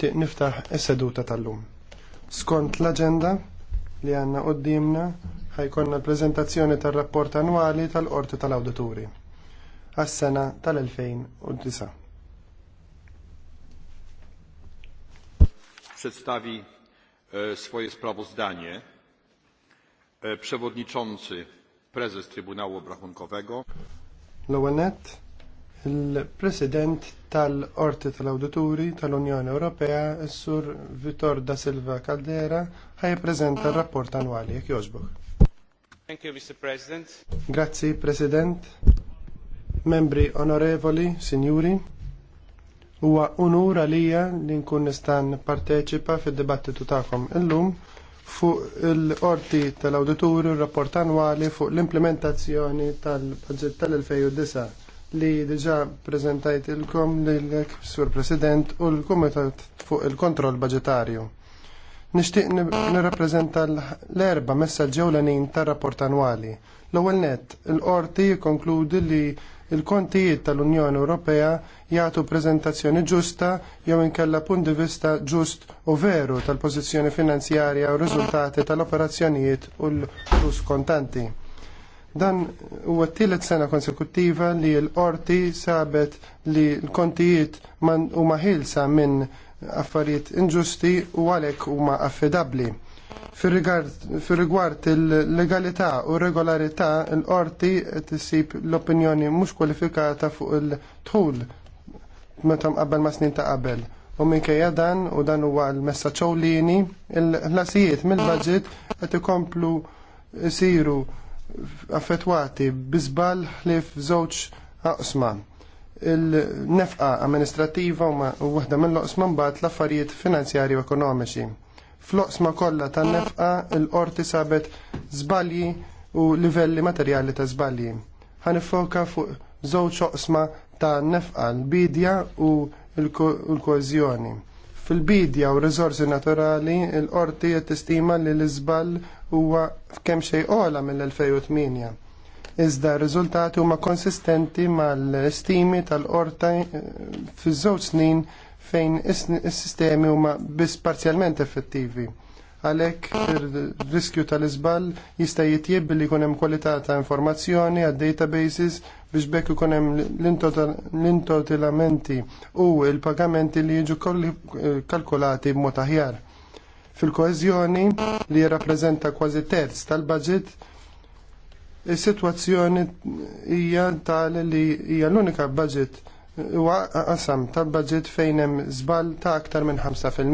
nixtieq niftaħ is-seduta tal-lum. Skont l-aġenda li għandna qudiemna ħajkonna l prezentazzjoni tal rapport annwali tal-Qorti tal-Awdituri għas-sena tal-2009. Przedstawi e, swoje sprawozdanie e, przewodniczący prezes Trybunału Obrachunkowego. Lowenet il-President tal-Orti tal-Awdituri tal-Unjoni Ewropea, sur Vitor da Silva Caldera, ħajprezenta r-rapport annwali. Jek joġbuk. Thank you, Mr. President. Grazzi, President. Membri onorevoli, signuri. huwa unur għalija li nkun nistan parteċipa fid-dibattitu tagħkom illum fuq il orti tal-awdituri r-rapport annwali fuq l-implementazzjoni tal-budget tal-2009 li diġa prezentajt ilkom l-ek sur president u l-komitat fuq il-kontroll budgetarju. Nishtiq nirrapprezenta l-erba messaġġew l ġewlenin tar-rapport annwali. L-ewwel net, il-qorti konkludi li il-kontijiet tal-Unjoni Ewropea jagħtu preżentazzjoni ġusta jew inkella punt di vista ġust u veru tal-pożizzjoni finanzjarja u riżultati tal-operazzjonijiet u l-flus kontanti. Dan huwa t-tielet sena konsekuttiva li l-qorti sabet li l-kontijiet huma ħilsa minn affarijiet inġusti u għalhekk huma affidabbli. Fir-rigward il-legalità u regolarità l-qorti t-sib l-opinjoni mhux kwalifikata fuq il-tħul meta qabel ma' snin ta' qabel. U minkejja dan u dan huwa l-messaċċ l il-ħlasijiet mill-budget qed ikomplu siru affettwati bizbal ħlif żewġ aqsma. Il-nefqa amministrativa u waħda mill-oqsma mbagħad l-affarijiet finanzjarji u ekonomiċi. Fl-oqsma kollha tan-nefqa l-qorti sabet żbalji u livelli materjali ta' żbalji. Ħanifoka fuq żewġ oqsma ta' nefqa l-bidja u l-koeżjoni. Fil-bidja u rizorsi naturali, l qorti qed tistima li l izbal huwa fkemm xej ola mill-2008. Iżda r-riżultati huma konsistenti mal istimi tal-qorta eh, fiż-żewġ snin fejn is-sistemi huma biss parzjalment effettivi għalhekk ir-riskju tal-iżball jista' jitjieb li jkun hemm kwalità ta' informazzjoni għad-databases biex bekk ikun hemm l-intotilamenti u l-pagamenti li jiġu kalkulati b'mod aħjar. fil koezjoni li jirrappreżenta kważi terz tal-budget Is-sitwazzjoni hija tal li hija l-unika budget huwa qasam tal-budget fejn hemm żball ta' aktar minn 5 fil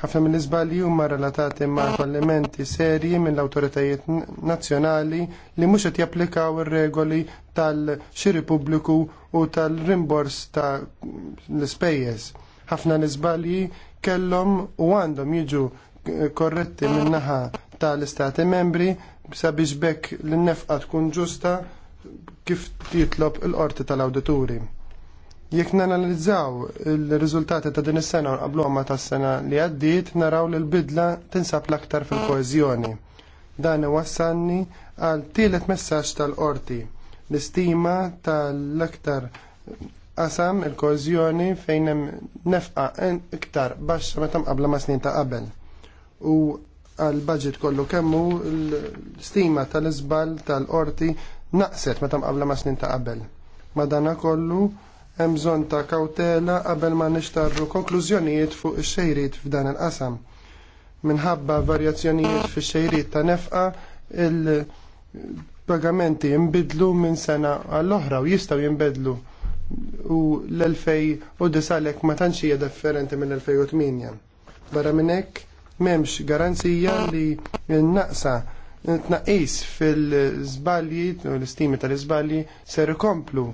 Ħafna mill-iżbalji huma relatati ma' fallimenti serji mill-awtoritajiet nazzjonali li mhux qed japplikaw ir-regoli tal-xiri pubbliku u tal-rimbors ta' l-ispejjeż. Ħafna l-iżbalji kellhom u għandhom jiġu korretti min-naħa tal-istati membri sabiex bekk l-nefqa tkun ġusta kif titlob il qorti tal-awdituri. Jekk nanalizzaw il-riżultati ta' din is-sena u qabluhom ma' tas-sena li għaddiet naraw li l-bidla tinsab l-aktar fil koezjoni Dan wassanni għal tielet messaġġ tal-qorti l-istima tal-aktar qasam il koezjoni fejn hemm nefqa iktar baxxa meta mqabbla ma' snin ta' qabel. U għal budget kollu kemmu l istima tal-iżbal tal-qorti naqset meta mqabbla ma' snin ta' qabel. Madana kollu hemm bżonn ta' kawtela qabel ma nixtarru konklużjonijiet fuq ix-xejrid f'dan il-qasam. Minħabba varjazzjonijiet fix-xejrid ta' nefqa il-pagamenti jinbidlu minn sena għall-oħra u jistgħu jinbidlu u l-2009 għalhekk ma tantx hija differenti mill-2008. Barra minn hekk m'hemmx garanzija li n-naqsa tnaqqis fil-żbalji u l-istimi tal-iżbalji ser ikomplu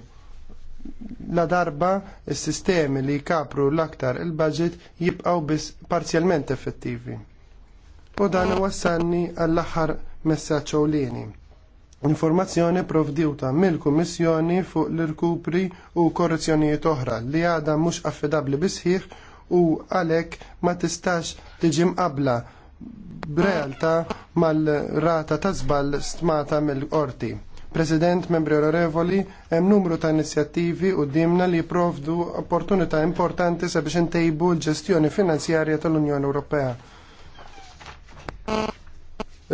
la darba s-sistemi li kapru l-aktar il-budget jibqgħu biss parzjalment effettivi. U dan wassalni għall-aħħar messaġġ ewlieni. Informazzjoni provdiwta mill-Kummissjoni fuq l-irkupri u korrezzjonijiet oħra li għadha mhux affidabbli bisħiħ u għalhekk ma tistax tiġi mqabbla b'realtà mal-rata ta' żball stmata mill-qorti President, membri onorevoli, hemm numru ta' inizjattivi u dimna li jipprovdu opportunità importanti sabiex intejbu l-ġestjoni finanzjarja tal-Unjoni Ewropea.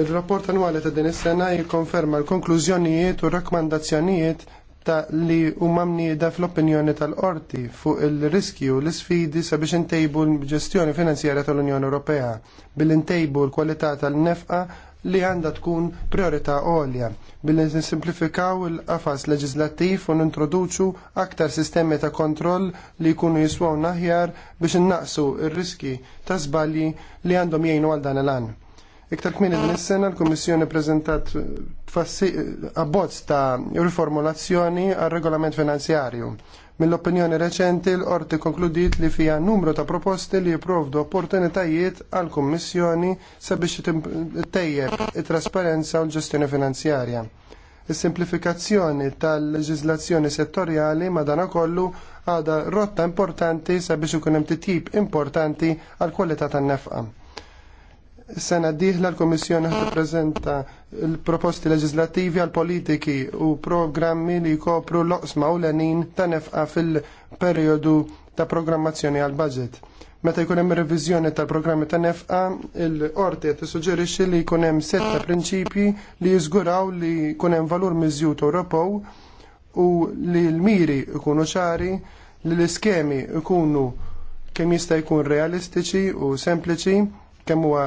Il-rapport annwali ta' din is-sena jikkonferma l-konklużjonijiet u rakkomandazzjonijiet ta' li huma mnieda fl-opinjoni tal-qorti fuq il riskju u l-isfidi sabiex intejbu l-ġestjoni finanzjarja tal-Unjoni Ewropea billi ntejbu l-kwalità tal-nefqa li għandha tkun priorità għolja billi nisimplifikaw il-qafas leġislattiv u nintroduċu aktar sistemi ta' kontroll li jkunu jiswaw naħjar biex innaqsu il riski ta' żbalji li għandhom jgħinu għal dan l-għan. Iktar kmini din is-sena l-Kummissjoni preżentat abbozz ta' riformulazzjoni għal regolament finanzjarju Mill-opinjoni reċenti l-qorti konkludit li fija numru ta' proposti li jiprovdu opportunitajiet għal kummissjoni sabiex tejjeb it-trasparenza u l-ġestjoni finanzjarja. Is-simplifikazzjoni tal-leġiżlazzjoni settorjali madanakollu għada rotta importanti sabiex ikun hemm titjib importanti għal kwalità tan-nefqa sena diħla l-Komissjoni ħat prezenta l-proposti leġislativi għal politiki u programmi li kopru l-oqsma u l-enin ta' nefqa fil-periodu ta' programmazzjoni għal budget. Meta jkun hemm reviżjoni tal-programmi ta' nefqa, l qorti qed tissuġġerixxi li jkun hemm setta prinċipji li jiżguraw li jkun hemm valur miżjut Ewropew u li l-miri jkunu ċari, li l-iskemi jkunu kemm jista' jkun realistiċi u sempliċi kemm huwa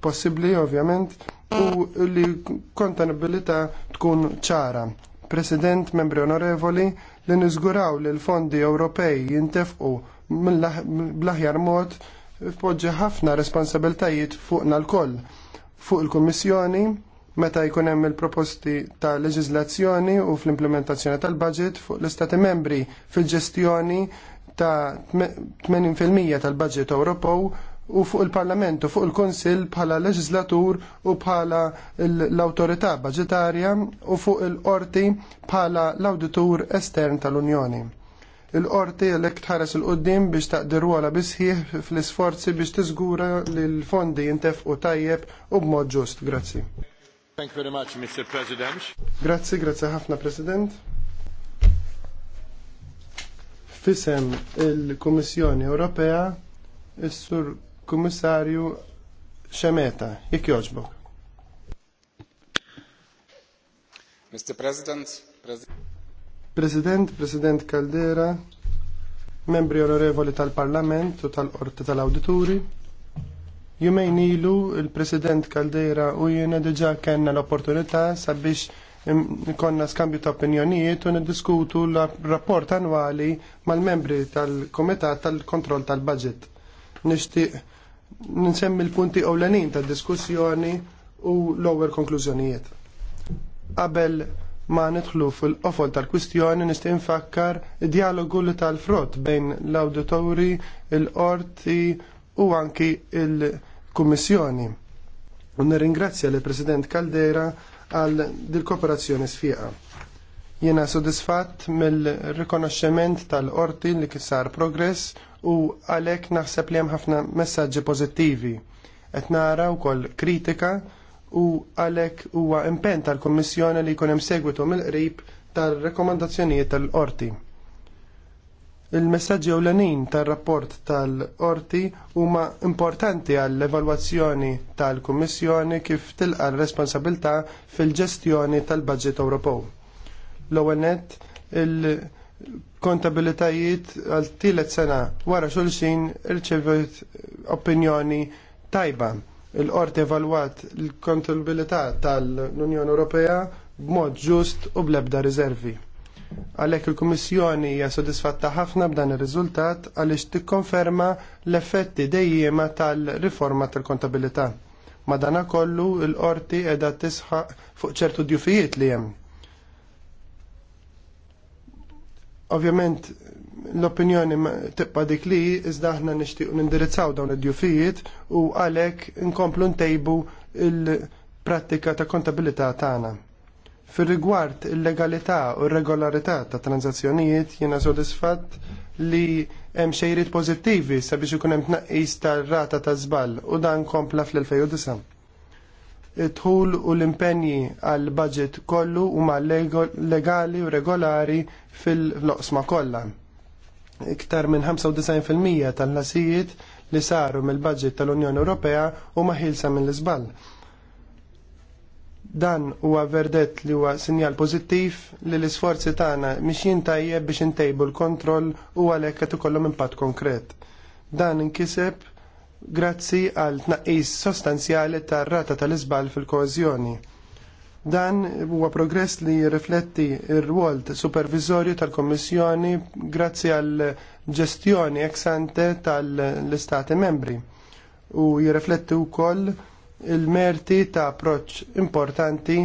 possibbli ovvjament u li kontabilità tkun ċara. President, membri onorevoli, li niżguraw li l-fondi Ewropej jintefqu bl-aħjar mod poġġi ħafna responsabiltajiet fuqna l-koll, fuq il-Kummissjoni, meta jkun hemm il-proposti ta' leġiżlazzjoni u fl-implementazzjoni tal-budget fuq l-Istati membri fil-ġestjoni ta' 80% tal-budget Ewropew u fuq il-Parlament u fuq il-Konsil bħala leġislatur u bħala l-autorità budgetarja u fuq il-qorti bħala l-auditur estern tal-Unjoni. Il-qorti għalek tħares il-qoddim biex taqdir għala bisħiħ fl-isforzi biex tiżgura li l-fondi jintef u tajjeb u b'mod ġust. Grazzi. Thank you very much, Mr. President. Grazzi, grazzi ħafna, President. Fisem il komissjoni Ewropea, is-Sur Kummissarju Xemeta, jekk jogħġbok. Mr. President, President, President Caldera, membri onorevoli tal-Parlament u tal-Qorti tal-Awdituri, jumejn ilu il-President Caldera u jiena diġa kellna l-opportunità sabiex konna skambju ta' opinjonijiet u niddiskutu l-rapport annwali mal-membri tal-Komitat tal-Kontroll tal-Budget. Nixtieq nsemmi l-punti ewlenin tad diskussjoni u l-ewwel konklużjonijiet. Qabel ma nidħlu fil-qofol tal-kwistjoni nista' nfakkar dialogu li tal-frott bejn l-awditori, l qorti u anki il-kummissjoni. U nirringrazzja l-President Caldera għal dil-kooperazzjoni sfiqa. Jiena sodisfatt mill-rikonoxximent tal-qorti li kisar progress u għalhekk naħseb li hemm ħafna messaġġi pożittivi. Qed nara wkoll kritika u għalhekk huwa impenn tal-Kummissjoni li jkun hemm segwitu mill-qrib tar-rekomandazzjonijiet tal-qorti. Il-messaġġi ewlenin tar-rapport tal-qorti huma importanti għall-evalwazzjoni tal-Kummissjoni kif tilqa' r-responsabilità fil-ġestjoni tal-Baġġit Ewropew L-ewwel nett il-kontabilitajiet għal tielet sena wara xulxin irċevit opinjoni tajba. Il-qorti evalwat l-kontabilità tal-Unjoni Ewropea b'mod ġust u blebda riservi. Għalhekk il-Kummissjoni hija sodisfatta ħafna b'dan ir-riżultat għaliex tikkonferma l-effetti dejjema tal-riforma tal-kontabilità. Madanakollu l-qorti qiegħda tisħaq fuq ċertu djufijiet li hemm Ovvjament l-opinjoni tibqa dik li iżda aħna nixtieq nindirizzaw dawn id-djufijiet u għalhekk inkomplu ntejbu il-prattika ta' kontabilità tagħna. Fir-rigward il-legalità u r-regolarità ta' tranzazzjonijiet jiena sodisfatt li hemm xejrid pożittivi sabiex ikun hemm tnaqqis tar-rata ta' żball u dan kompla fl-2009 it-tħul u l-impenji għal budget kollu huma legali u regolari fil-loqsma kollha. Iktar minn 95% tal-nasijiet li saru mill-budget tal-Unjoni Ewropea huma ħilsa mill-iżball. Dan huwa verdett li huwa sinjal pożittiv li l-isforzi tagħna mhix tajjeb biex intejbu l-kontroll u għalhekk qed ikollhom impatt konkret. Dan inkiseb grazzi għal tnaqqis sostanzjali tar-rata tal iżball fil-koeżjoni. Dan huwa progress li jirrifletti r ruol supervizorju tal-Kommissjoni grazzi għal ġestjoni ex ante tal-Istati membri u jirrifletti wkoll il-merti ta' approċċ importanti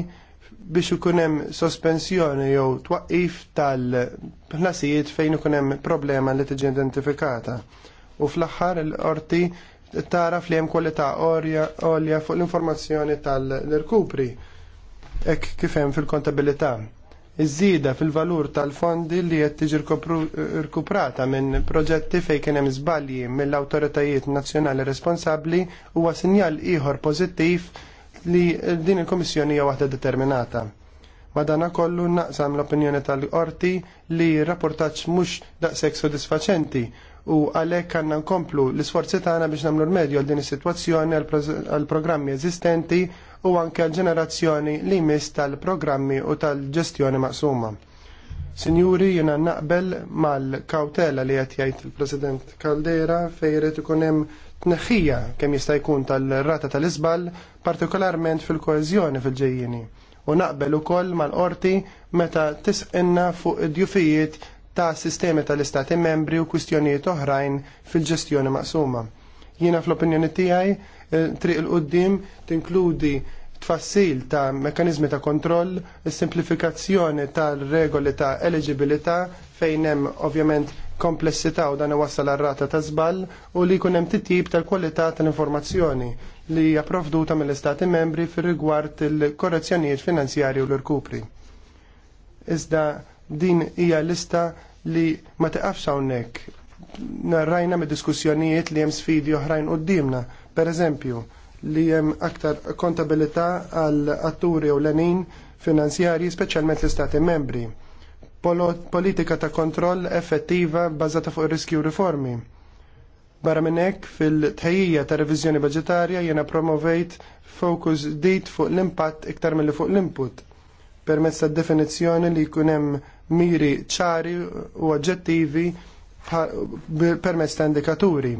biex ikun hemm sospensjoni jew twaqqif tal-ħlasijiet fejn ikun hemm problema li tiġi identifikata u fl-axħar l qorti taraf li kolli kwalità olja fuq l-informazzjoni tal-irkupri hekk kif hemm fil-kontabilità. iż fil-valur tal-fondi li qed tiġi rkuprata minn proġetti fejn kien hemm żbalji mill-awtoritajiet nazzjonali responsabbli huwa sinjal ieħor pożittiv li din il-Komissjoni hija waħda determinata. Madana kollu naqsam l-opinjoni tal-qorti li rapportaċ mhux daqshekk sodisfaċenti u għalhekk għandna nkomplu l-isforzi tagħna biex nagħmlu l-medju għal din is-sitwazzjoni għall programmi eżistenti u anke għal ġenerazzjoni li jmiss tal-programmi u tal-ġestjoni maqsuma. Sinjuri, jiena naqbel mal-kautela li qed jgħid il-President Caldera fejret ikun hemm tneħħija kemm jista' jkun tal-rata tal-isbal, partikolarment fil-koeżjoni fil-ġejjini. U naqbel ukoll mal-qorti meta tisqinna fuq id-djufijiet ta' sistemi tal-Istati membri u kwistjonijiet oħrajn fil-ġestjoni maqsuma. Jiena fl-opinjoni tiegħi eh, triq il-qoddim tinkludi tfassil ta' mekanizmi ta' kontroll, simplifikazzjoni tal-regoli ta' eligibilità fejn hemm ovvjament komplessità u dan iwassal ar-rata ta' żball u li jkun hemm titjib tal-kwalità tal-informazzjoni li hija provduta mill-Istati membri fir-rigward il-korrezzjonijiet finanzjarji u l-irkupri. Iżda din hija lista li ma taqafx hawnhekk. Narrajna me diskussjonijiet li hemm sfidi oħrajn qudiemna, pereżempju li hemm aktar kontabilità għal atturi u lenin finanzjarji speċjalment l-istati membri. Politika ta' kontroll effettiva bbażata fuq riskju riformi. Barra minn hekk fil-tħejjija ta' reviżjoni budgetarja jiena promovejt fokus dit fuq l-impatt iktar milli fuq l-input permezz tad definizzjoni li jkun hemm miri ċari u oġġettivi permezz ta' indikaturi.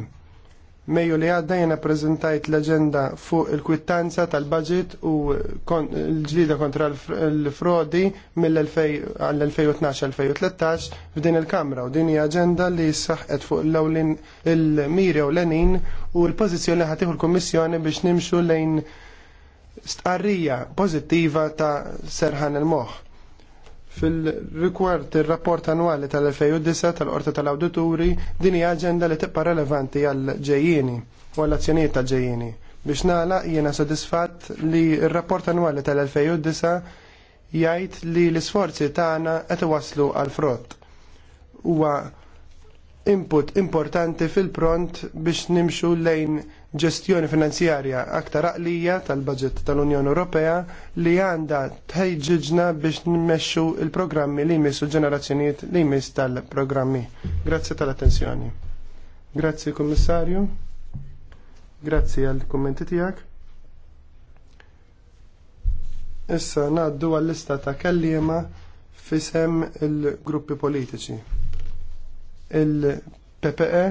Mejju li għadda jena prezentajt l-agenda fuq il-kwittanza tal-budget u l-ġlida kontra l-frodi mill-2012-2013 f'din il-Kamra u din hija agenda li saħqet fuq l ewlin il-miri u l-enin u l-pozizjoni ħatiħu l-Kommissjoni biex nimxu lejn stqarrija pozittiva ta' Serħan il-Moħ Fil-rikward ir rapport annwali tal-2009 tal-Qorti tal-Awdituri din hija aġenda li tibqa' relevanti għal ġejjieni u għall azzjonijiet ta' ġejjieni. Biex nagħlaq jiena sodisfatt li r-rapport annwali tal-2009 jgħid li l-isforzi tagħna qed iwasslu għal frott. Huwa input importanti fil-pront biex nimxu lejn ġestjoni finanzjarja aktar aqlija tal-budget tal-Unjoni Ewropea li għandha tħejġiġna biex nmexxu il-programmi li jmissu ġenerazzjonijiet li jmiss tal-programmi. Grazzi tal-attenzjoni. Grazzi Kummissarju. Grazzi għal kummenti tiegħek. Issa ngħaddu għall-lista ta' kelliema fisem il-gruppi politiċi. Il-PPE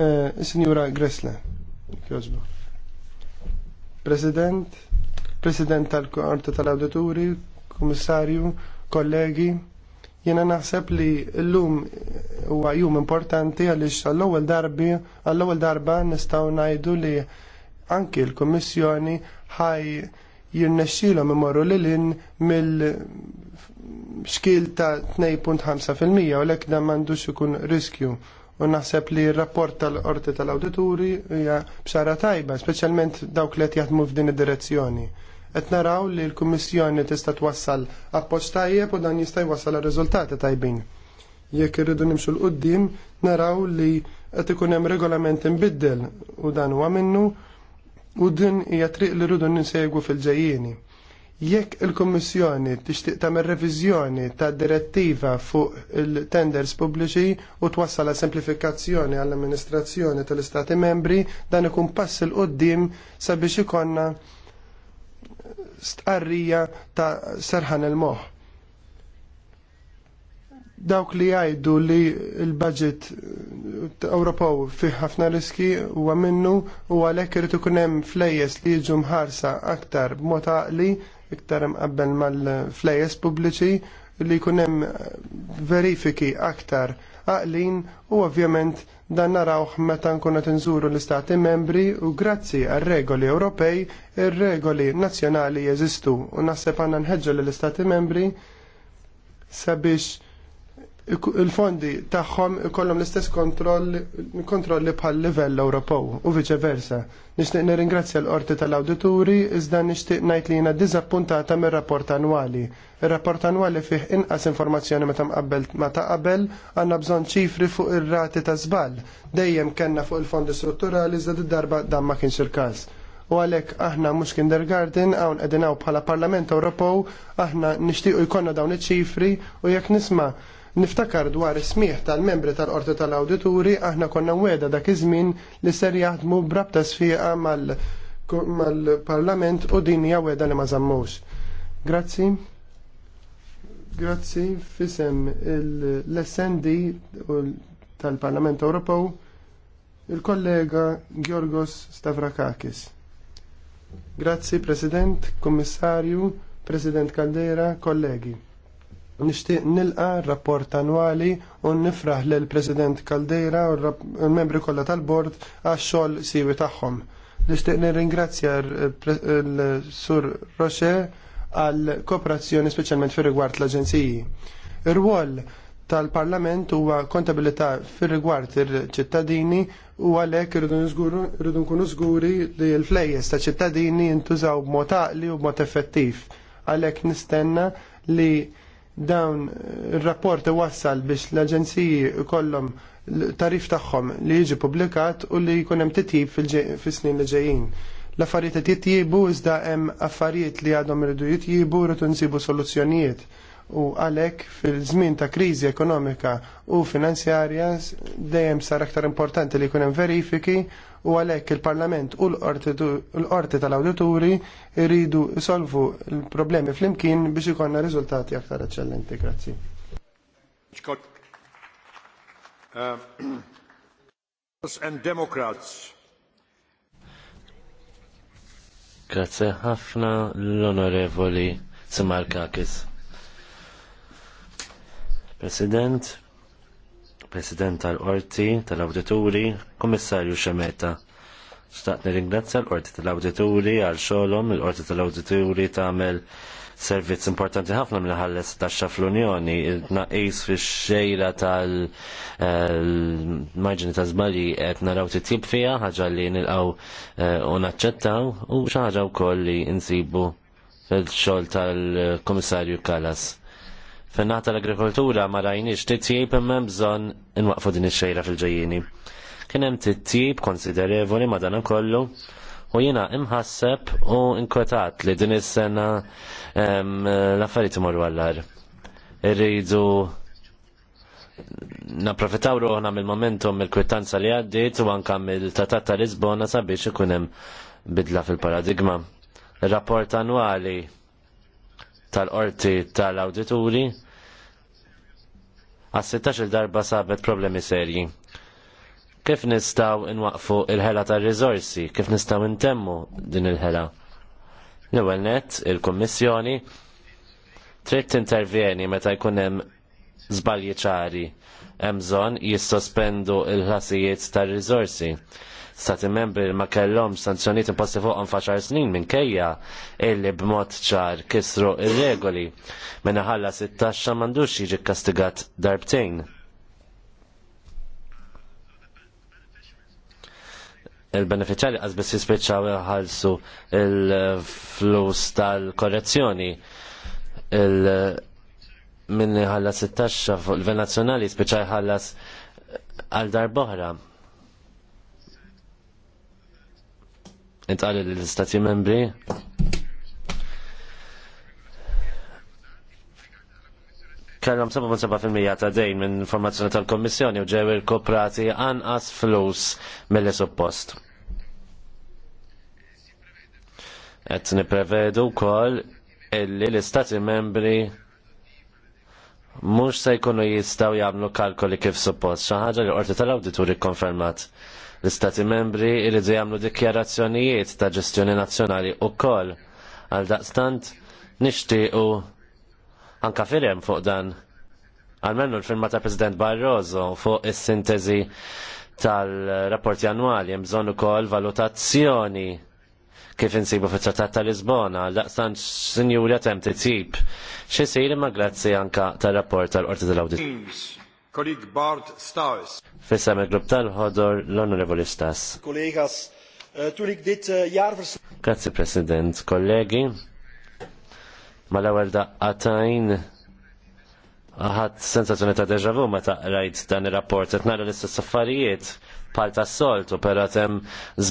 Eh, signora Gressle, kjożbu. President, President tal-Korta tal-Awdituri, Komissarju, kollegi, jena naħseb li l-lum huwa jum importanti għaliex għall-ewwel darbi għall-ewwel darba nistgħu ngħidu li anki l-Kummissjoni ħaj jirnexxilhom imorru in mill xkil ta' 2.5% u lek dan m'għandux ikun riskju u naħseb li r-rapport tal-qorti tal-awdituri hija bxara tajba, speċjalment dawk li qed jaħdmu f'din id-direzzjoni. Qed naraw li l-Kummissjoni tista' twassal appoġġ tajjeb u dan jista' jwassal riżultati tajbin. Jekk irridu nimxu l-qudiem, naraw li qed ikun hemm regolament imbiddel u dan huwa minnu u din hija triq li rridu ninsegwu fil-ġejjieni Jekk il-Kommissjoni tixtieq tagħmel reviżjoni ta' direttiva fuq il-tenders pubbliċi u twassal semplifikazzjoni għall-amministrazzjoni tal-Istati membri, dan ikun pass il qoddim sabiex ikonna stqarrija ta' serħan il-moħ. Dawk li jgħidu li l-budget Ewropew fih ħafna riski huwa minnu u għalhekk irid ikun hemm flejjes li jiġu mħarsa aktar b'mod għaqli iktar mqabbel mal-flejes pubbliċi li jkun hemm eh, verifiki aktar għaqlin u ovvjament dan narawh meta nkun qed inżuru l-istati membri u grazzi għar regoli Ewropej ir-regoli nazzjonali jeżistu u naħseb għandna nħeġġu lill istati membri sabiex il-fondi tagħhom ikollhom l-istess kontrolli bħal livell Ewropew u viċeversa. Nixtieq nirringrazzja l-qorti tal-awdituri iżda nixtieq ngħid li jiena diżappuntata mir-rapport annwali. Ir-rapport annwali fih inqas informazzjoni meta mqabbel ma ta' qabel għandna bżonn ċifri fuq ir-rati ta' żball. Dejjem kellna fuq il-fondi strutturali iżda id-darba dan ma kienx il-każ u għalek aħna mux kindergarten għawn edinaw bħala Parlament Ewropew aħna nishtiqu jkonna dawn iċ-ċifri u jekk nisma' Niftakar dwar smieħ tal-membri tal-Qorti tal-Awdituri aħna konna weda dak iż-żmien li ser jaħdmu brabta sfiqa mal-Parlament u din hija weda li ma żammux. Grazzi. Grazzi fisem l-SND tal-Parlament Ewropew il-kollega Georgos Stavrakakis. Grazzi President, Kommissarju, President Caldera, kollegi nishtiq nilqa rapport annwali u nifraħ l president Caldeira u l-membri kollha tal-bord għax xogħol siwi tagħhom. Nishtiq nirringrazzja l-Sur Roche għal kooperazzjoni speċjalment fir rigward l-aġenziji. Ir-rwol tal-Parlament huwa kontabilità fir rigward ir ċittadini u għalhekk irridu nkunu żguri li l-flejjes ta' ċittadini jintużaw b'mod għaqli u b'mod effettiv. Għalhekk nistenna li dawn il-rapport wassal biex l-aġenziji kollom tarif tagħhom li jiġi publikat u li jkun hemm titjib fis-snin li ġejjin. L-affarijiet qed jitjiebu iżda hemm affarijiet li għadhom iridu jitjibu rridu nsibu soluzzjonijiet u għalhekk, fil-żmien ta' kriżi ekonomika u finanzjarja dejjem sar aktar importanti li jkun hemm verifiki u għalhekk il-Parlament u l-Qorti tal-Awdituri jridu solvu l-problemi flimkien biex ikonna riżultati aktar eċċellenti. Grazzi. Uh, and Democrats. Grazie ħafna l-onorevoli Kakis. President, President tal-Qorti tal-Awdituri, Komissarju Xemeta. Xtaqt nirringrazzja l-Qorti tal-Awdituri għal xolom, l-Qorti tal-Awdituri tagħmel servizz importanti ħafna minn ħalles taxxa fl-Unjoni, il-tnaqis fix xejra tal-marġini eh, ta' żbalji qed naraw titjib fiha, ħaġa li nilqgħu eh, u naċċettaw u xaħġa wkoll li nsibu fil-xogħol tal-Kummissarju Kallas Fin-naħa tal-agrikoltura ma rajniex titjib imma bżonn inwaqfu din ix-xejra fil-ġejjini. Kien hemm titjib konsiderevoli kollu u jiena imħasseb u inkwetat li din is-sena l-affarijiet imorru għallar. Irridu naprofitaw ruħna mill-momentum mill-kwittanza li għaddit u anka mill-tatat ta' Lisbona sabiex ikun hemm bidla fil-paradigma. Rapport annwali tal-qorti tal-awdituri għas-16 darba sabet problemi serji. Kif nistaw inwaqfu il-ħela tar rizorsi Kif nistaw intemmu din il-ħela? L-ewwel net, il-Kummissjoni trid intervjeni meta jkun hemm żbalji ċari hemm bżonn jissospendu l ħasijiet tar rizorsi stati membri ma kellhom sanzjoniet imposti fuqhom faċar snin minkejja illi b'mod ċar kisru ir-regoli minn ħalla 16 m'għandux jiġi kastigat darbtejn. il-beneficjari għazbis jispiċċaw jħalsu il-flus tal-korrezzjoni il minni ħallas it-taxxa fuq il-venazzjonali jispiċċaw jħallas għal darboħra intqali l istati membri kellhom 7.7% ta' dejn minn informazzjoni tal-Kommissjoni u ġew il-koprati anqas flus mill suppost. Qed nipprevedu wkoll illi l-Istati membri mhux se jkunu jistgħu jagħmlu kalkoli kif suppost xi ħaġa li qorti tal-awditur ikkonfermat. konfermat L-Istati membri jridu jagħmlu dikjarazzjonijiet ta' ġestjoni nazzjonali wkoll għal daqstant nixtiequ anka firem fuq dan għalmenu l-firma ta' President Barroso fuq is-sintesi tal-rapporti annwali hemm bżonn ukoll valutazzjoni kif insibu fit trattat ta' Lisbona, daqstan sinjuri għatem t-tip, jsir imma grazzi anka tal rapport tal-Qorti tal-Audit. Kolik Bart Staes. Fissa me grupp tal-ħodor l-Onorevoli Stas. Kollegas, eh, tulik dit eh, jarvers. Grazie President, kollegi. Ma l-ewel daqqatajn ħadd sensazzjoni ta' deja vu meta rajt dan ir-rapport qed nara l-istess affarijiet bħal tas-soltu, però hemm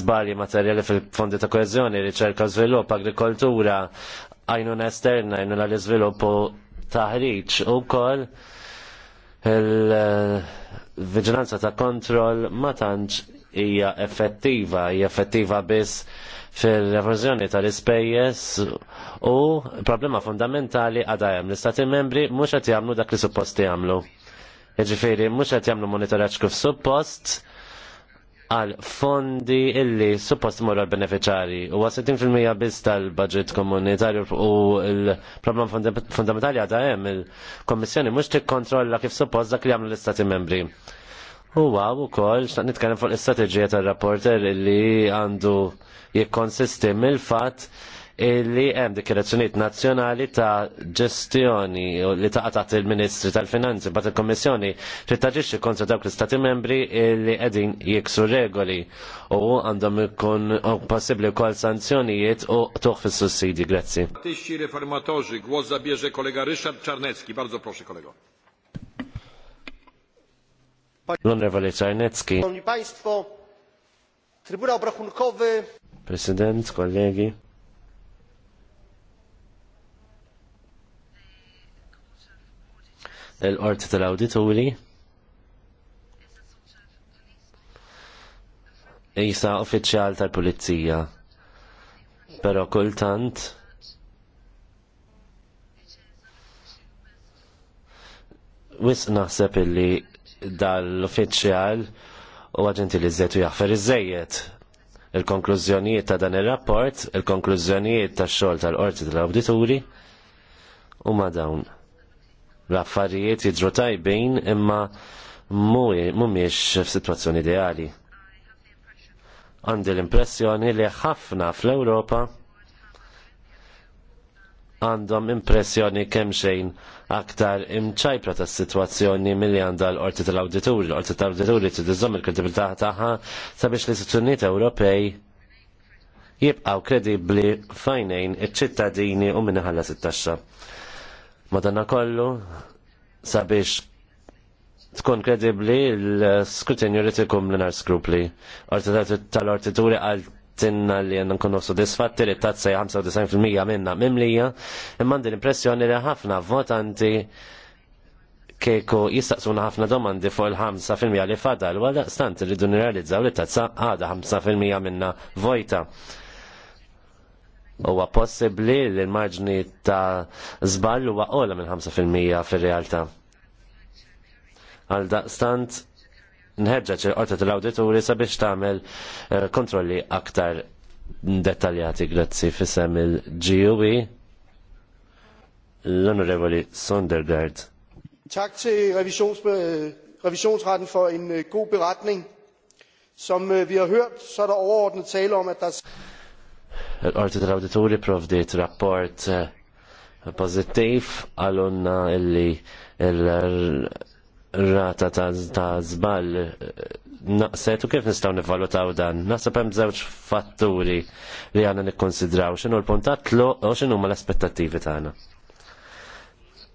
żbalji materjali fil-fondi ta' koezjoni, riċerka u żvilupp, agrikoltura, għajnuna esterna, għajnuna l-iżvilupp u taħriġ u wkoll il-vigilanza ta' kontroll ma tantx hija effettiva, hija effettiva biss fil-reverzjoni tal-ispejjeż u problema fundamentali għadha hemm l-istati membri mhux qed jagħmlu dak li suppost jagħmlu. Jiġifieri mhux qed jagħmlu monitoraġġ kif suppost, għal fondi illi suppost morru għal beneficjari u mija biss tal-budget komunitarju u l-problem fundamentali għadha hemm il-Kommissjoni mhux tikkontrolla kif suppost dak li għamlu l-Istati membri. Huwa wkoll x'taq nitkellem fuq l istrategija tar-rapporter illi għandu jikkonsisti mill-fatt li hemm dikjerazzjonijiet nazzjonali ta' ġestjoni li ta' qatat il-Ministri tal-Finanzi bat il-Kommissjoni trid taġixxi kontra dawk l-Istati membri li qegħdin jiksu regoli u għandhom ikun possibbli wkoll sanzjonijiet u toħ fis-sussidi. Grazzi. Artyści reformatorzy głos zabierze kolega Ryszard Czarnecki. Bardzo proszę kolego. L'onorevole Czarnecki. Szanowni Państwo, Trybunał Obrachunkowy. Prezydent, kolegi. l qorti tal-awdituri Isa uffiċjal tal-pulizija. Pero kultant wis naħseb illi dal-uffiċjal u għagġenti li zzetu jaffer iż il-konklużjonijiet ta' dan il-rapport, il-konklużjonijiet ta' xogħol tal-qorti tal-awdituri u ma' dawn. L-affarijiet jidru tajbin imma mumiex f'sitwazzjoni ideali. Għandi l-impressjoni li ħafna fl-Ewropa għandhom impressjoni kemm xejn aktar imċajpra ta' situazzjoni milli għandha l-qorti tal-awdituri. L-qorti tal-awdituri tidżomm il-kredibilità tagħha sabiex l-istituzzjonijiet Ewropej jibqgħu kredibbli fajnejn iċ-ċittadini u minħalla sit-taxxa. Madonna kollu, sabiex tkun kredibli l-skrutinju li tikum l-nar skrupli. Tal-ortituri tinna li għanna nkunu soddisfatti li tazza 95% minna mimlija, imman din impressjoni li ħafna votanti kieku jistaqsuna ħafna domandi fuq il-5% li fadal, għal stant rridu nirrealizzaw li tazza għada 5% minna vojta huwa possibbli l-marġni ta' żball huwa ola minn 5% fir-realtà. Għal daqstant nħeġġeġ ċe qorti tal-awdituri sabiex tagħmel eh, kontrolli aktar dettaljati grazzi fissem il-GUE l-Onorevoli Sondergaard. Tak til revisions, revisionsretten for en eh, god beretning. Som eh, vi har hørt, så er der overordnet tale om, at der l-Qorti tal auditori provdiet rapport eh, pozittiv għalunna illi il-rata ta' zbal eh, naqset u kif nistaw nivalutaw dan? Nasab hemm żewġ fatturi li għandna nikkonsidraw x'inhu l-puntat lo u x'inhu l-aspettattivi tagħna.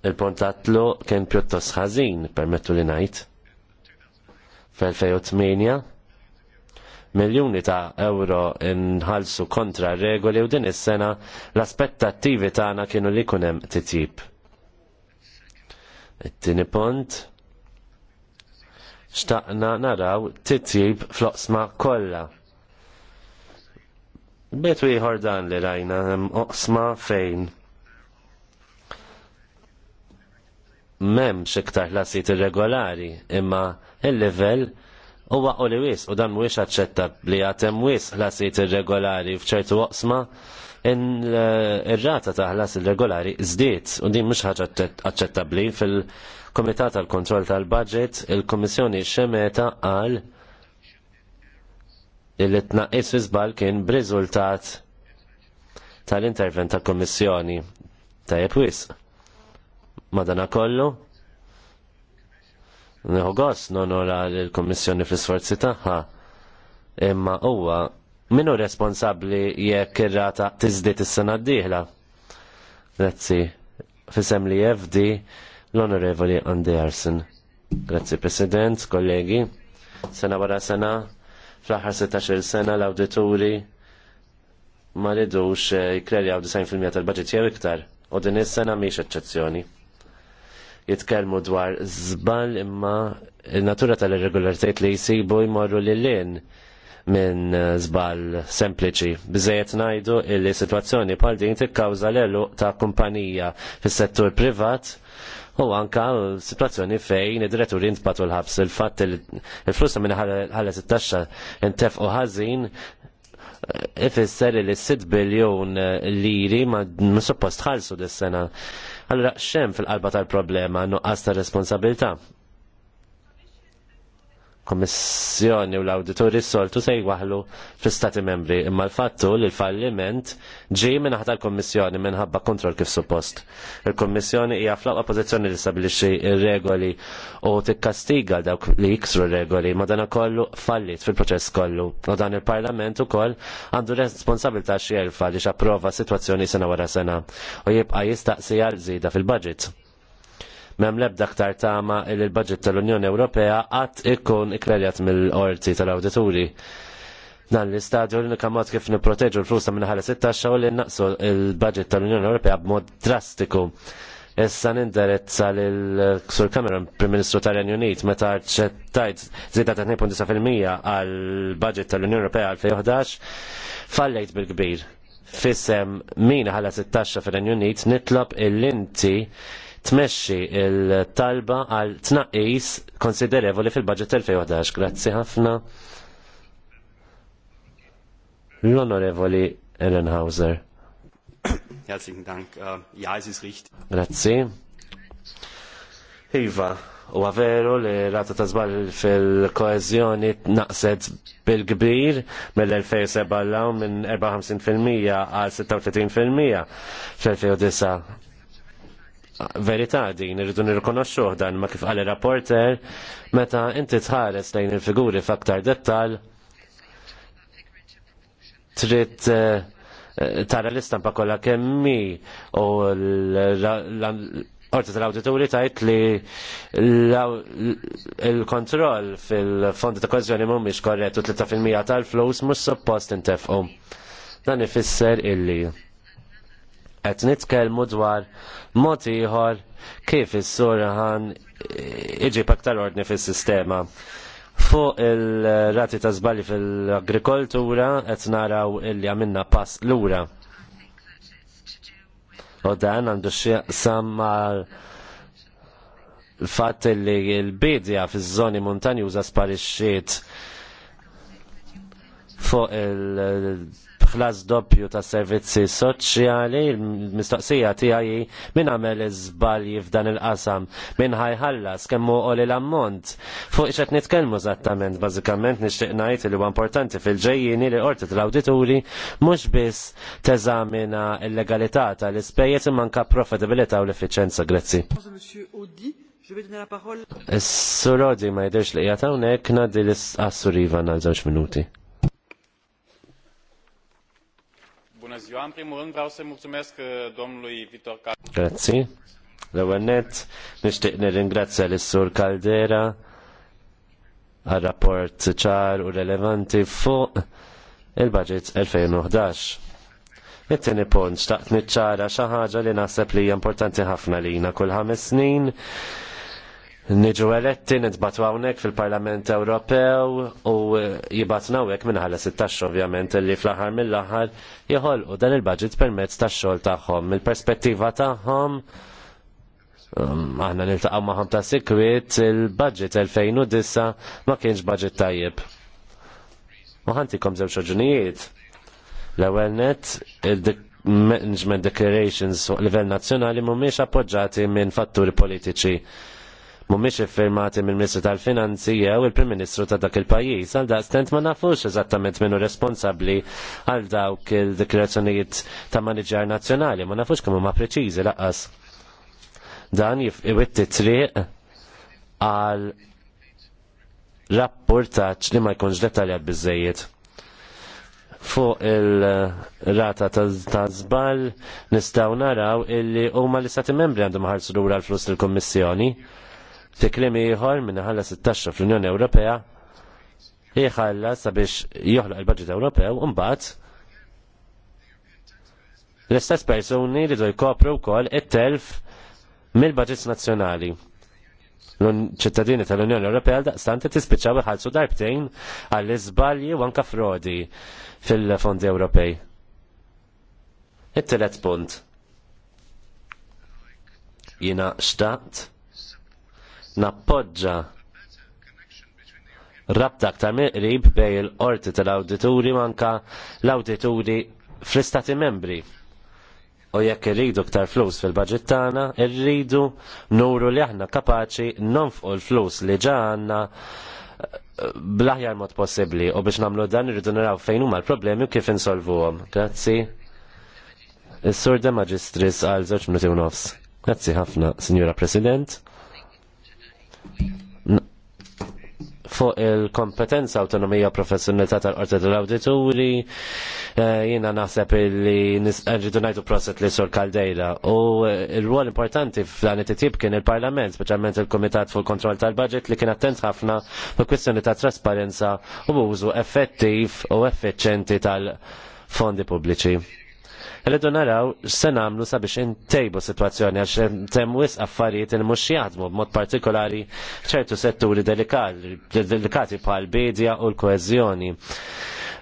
Il-puntat kien pjuttost ħażin permettu li ngħid. Fl-2008 miljuni ta' euro nħalsu kontra regoli u din is-sena l-aspettattivi tagħna kienu li jkun hemm titjib. It-tieni punt xtaqna naraw titjib fl-oqsma kollha. Bet ieħor dan li rajna hemm oqsma fejn. M'hemmx iktar lasit irregolari imma il-livell huwa li wis u dan mhuwiex aċċettab li għatem wis ħlasijiet irregolari f'ċertu oqsma eh, ir-rata ta' ħlas irregolari żdiet u din mhux ħaġa aċċettabbli fil-Kumitat tal-Kontroll tal-Budget il-Kummissjoni xemeta qal il tnaqqis fi żball kien b'riżultat tal-intervent tal-Kummissjoni tajjeb wisq. Madana kollu, Neħu għos nonora l komissjoni fl-sforzi taħħa imma huwa minu responsabli jekk ir-rata tiżdiet is-sena d-dieħla. Grazzi. Fisem li FD l-Onorevoli Arsen. Grazzi President, kollegi. Sena wara sena, fl-aħħar 16 sena l-awdituri ma ridux eh, jkreljaw 90% tal-budget jew iktar. U din is-sena mhix eċċezzjoni jitkellmu dwar żball imma natura tal-irregolaritajiet li jsibu jmorru l lin minn eh, żball sempliċi. Biżejjed ngħidu li sitwazzjoni bħal din tikkawża l-eluq ta' kumpanija fis-settur privat u anka situazzjoni fejn id-direttur jintbatu l-ħabs il-fatt il flussa minn ħalles it-taxxa intef u ħażin eh, ifisser li 6 biljon eh, liri ma suppost ħalsu dis-sena. Allora xem fil-qalba tal-problema nuqqas ta' responsabilità kommissjoni u l-auditori soltu se jwaħlu fl-stati membri. Imma l-fattu li l-falliment ġi minnaħta l-kommissjoni minħabba kontrol kif suppost. Il-kommissjoni hija fl-aqwa pozizjoni li stabilixxi regoli u tikkastiga dawk li jiksru regoli. Ma dan kollu fallit fil-proċess kollu. U dan il-parlament ukoll għandu responsabilta xjelfa li xapprova situazzjoni sena wara sena u jibqa' jistaqsija l żieda fil-budget Mem lebda ktar tama il budget tal-Unjoni Ewropea għat ikkun iklerjat mill-orti tal-awdituri. Dan l-istadju l mod kif niproteġu l-flus ta' minnaħala 16 u li naqsu il-budget tal-Unjoni Ewropea b'mod drastiku. Issa nindirizza l-Sur Cameron, Prim Ministru tal-Renju Unit, meta ċettajt zida ta' 2.9% għal-budget tal-Unjoni Ewropea għal-2011, fallejt bil-kbir. Fissem min ħala 16 fil-Renju Unit nitlob il linti tmexxi il-talba għal tnaqqis konsiderevoli fil-budget 2011. Grazzi ħafna. L-Onorevoli Ellenhauser. Herzlichen Dank. Ähm, ja, es ist richtig. Grazzi. Iva, u veru li rata ta' zbal fil-koezjoni naqset bil-kbir mill-2007 minn 54% għal 36% fil-2009 verità din irridu nirrikonoxxuh dan ma kif qal rapporter meta inti tħares lejn il-figuri f'aktar dettal trid eh, tara l-istampa kollha kemmi u l Orti tal awdituri tajt li l kontroll fil-fondi ta' kozjoni mumiex u 3% tal-flus mhux suppost intefqu. Dan ifisser illi qed nitkellmu dwar mod ieħor kif is-sur ħan iġib aktar ordni fis-sistema. Fuq il-rati ta' zbali fil-agrikoltura qed naraw illi għamilna pass lura. U dan għandu x'jaqsam l fatt li l-bidja fiż-żoni montanjuża sparixxiet fuq il- flas doppju ta' servizzi soċjali, l mistoqsija tiegħi min għamel iż-żbalji f'dan il-qasam, min ħajħallas kemm u li l-ammont. Fuq xed nitkellmu eżattament, bażikament nixtieq ngħid li huwa importanti fil-ġejjini li qorti tal-awdituri mhux biss teżamina l-legalità tal-ispejjeż imma anke profitabilità u l-effiċenza. Grazzi. Is-surodi ma jidirx li jgħatawnek nadi l-assuriva għal żewġ minuti. Bună ziua. În primul rând vreau să-i mulțumesc uh, domnului Vitor Caldera. Grazie. L-għennet, nishtiq nir-ingrazzja l-Sur Caldera għal-rapport ċar u relevanti fuq il-budget 2011. It-tieni punt, xtaqt niċċara xi ħaġa li naħseb li hija importanti ħafna li jina kull ħames snin Niġu eletti, nitbatu għawnek fil-Parlament Ewropew u eh, jibatna għawek minnħalla 16 ovvjament li fl-ħar mill-ħar u dan il-budget permezz ta' xol taħħom. Il-perspettiva taħħom um, aħna niltaqaw maħom ta' sikwit il-budget 2009 ma kienx budget tajjeb. Maħantikom zewċo ġunijiet. L-ewel net, il-management declarations fuq livell nazzjonali mumiex appoġġati minn fatturi politiċi mhumiex iffirmati mill-Ministru tal-Finanzi jew il-Prim Ministru ta' dak il-pajjiż. Għal stent ma nafux eżattament minnu responsabbli għal dawk il-dikreazzjonijiet ta' maniġar nazzjonali, ma nafux kemm huma preċiżi laqas. Dan jifwitti triq għal rapportaċ li ma jkunx dettaljat bizzejiet. Fuq il-rata ta' zbal nistaw naraw illi huma li stati membri għandhom ħarsu l-flus il-Kommissjoni Fi ieħor minn ħalla 16 taxxa fl-Unjoni Ewropea jħalla sabiex joħloq il-budget Ewropew u mbagħad l-istess persuni li do jkopru wkoll it-telf mill-budgets nazzjonali. L-ċittadini tal-Unjoni Ewropea daqstant tispiċċaw iħallsu darbtejn għall-iżbalji u anka frodi fil-fondi Ewropej. It-telet punt. Jina xtaqt nappoġġa rabta aktar miqrib bej il-qorti tal-awdituri manka l-awdituri fl-istati membri. U jekk irridu ktar flus fil-budget tagħna, irridu nuru li aħna kapaċi nonfqu l-flus li ġa għandna eh, bl-aħjar mod possibbli u biex nagħmlu dan irridu naraw fejn huma l-problemi u kif insolvuhom. Grazzi. Is-Sur de Magistris għal żewġ minuti u nofs. Grazzi ħafna, Sinjura President. fuq il-kompetenza autonomija professjonalità tal-qorti tal-awdituri eh, jiena naħseb li rridu ngħidu proset li sur kaldejla u r-rwol eh, importanti f'dan it-tip kien il-Parlament, speċjalment il-Kumitat fuq kontroll tal-Budget li kien attent ħafna fuq kwistjoni ta' trasparenza u użu effettiv u effiċenti tal-fondi pubbliċi. Rridu naraw se nagħmlu sabiex intejbu sitwazzjoni għax hemm wisq affarijiet li mhux jaħdmu b'mod partikolari ċertu setturi delikati bħal bedja u l-koeżjoni.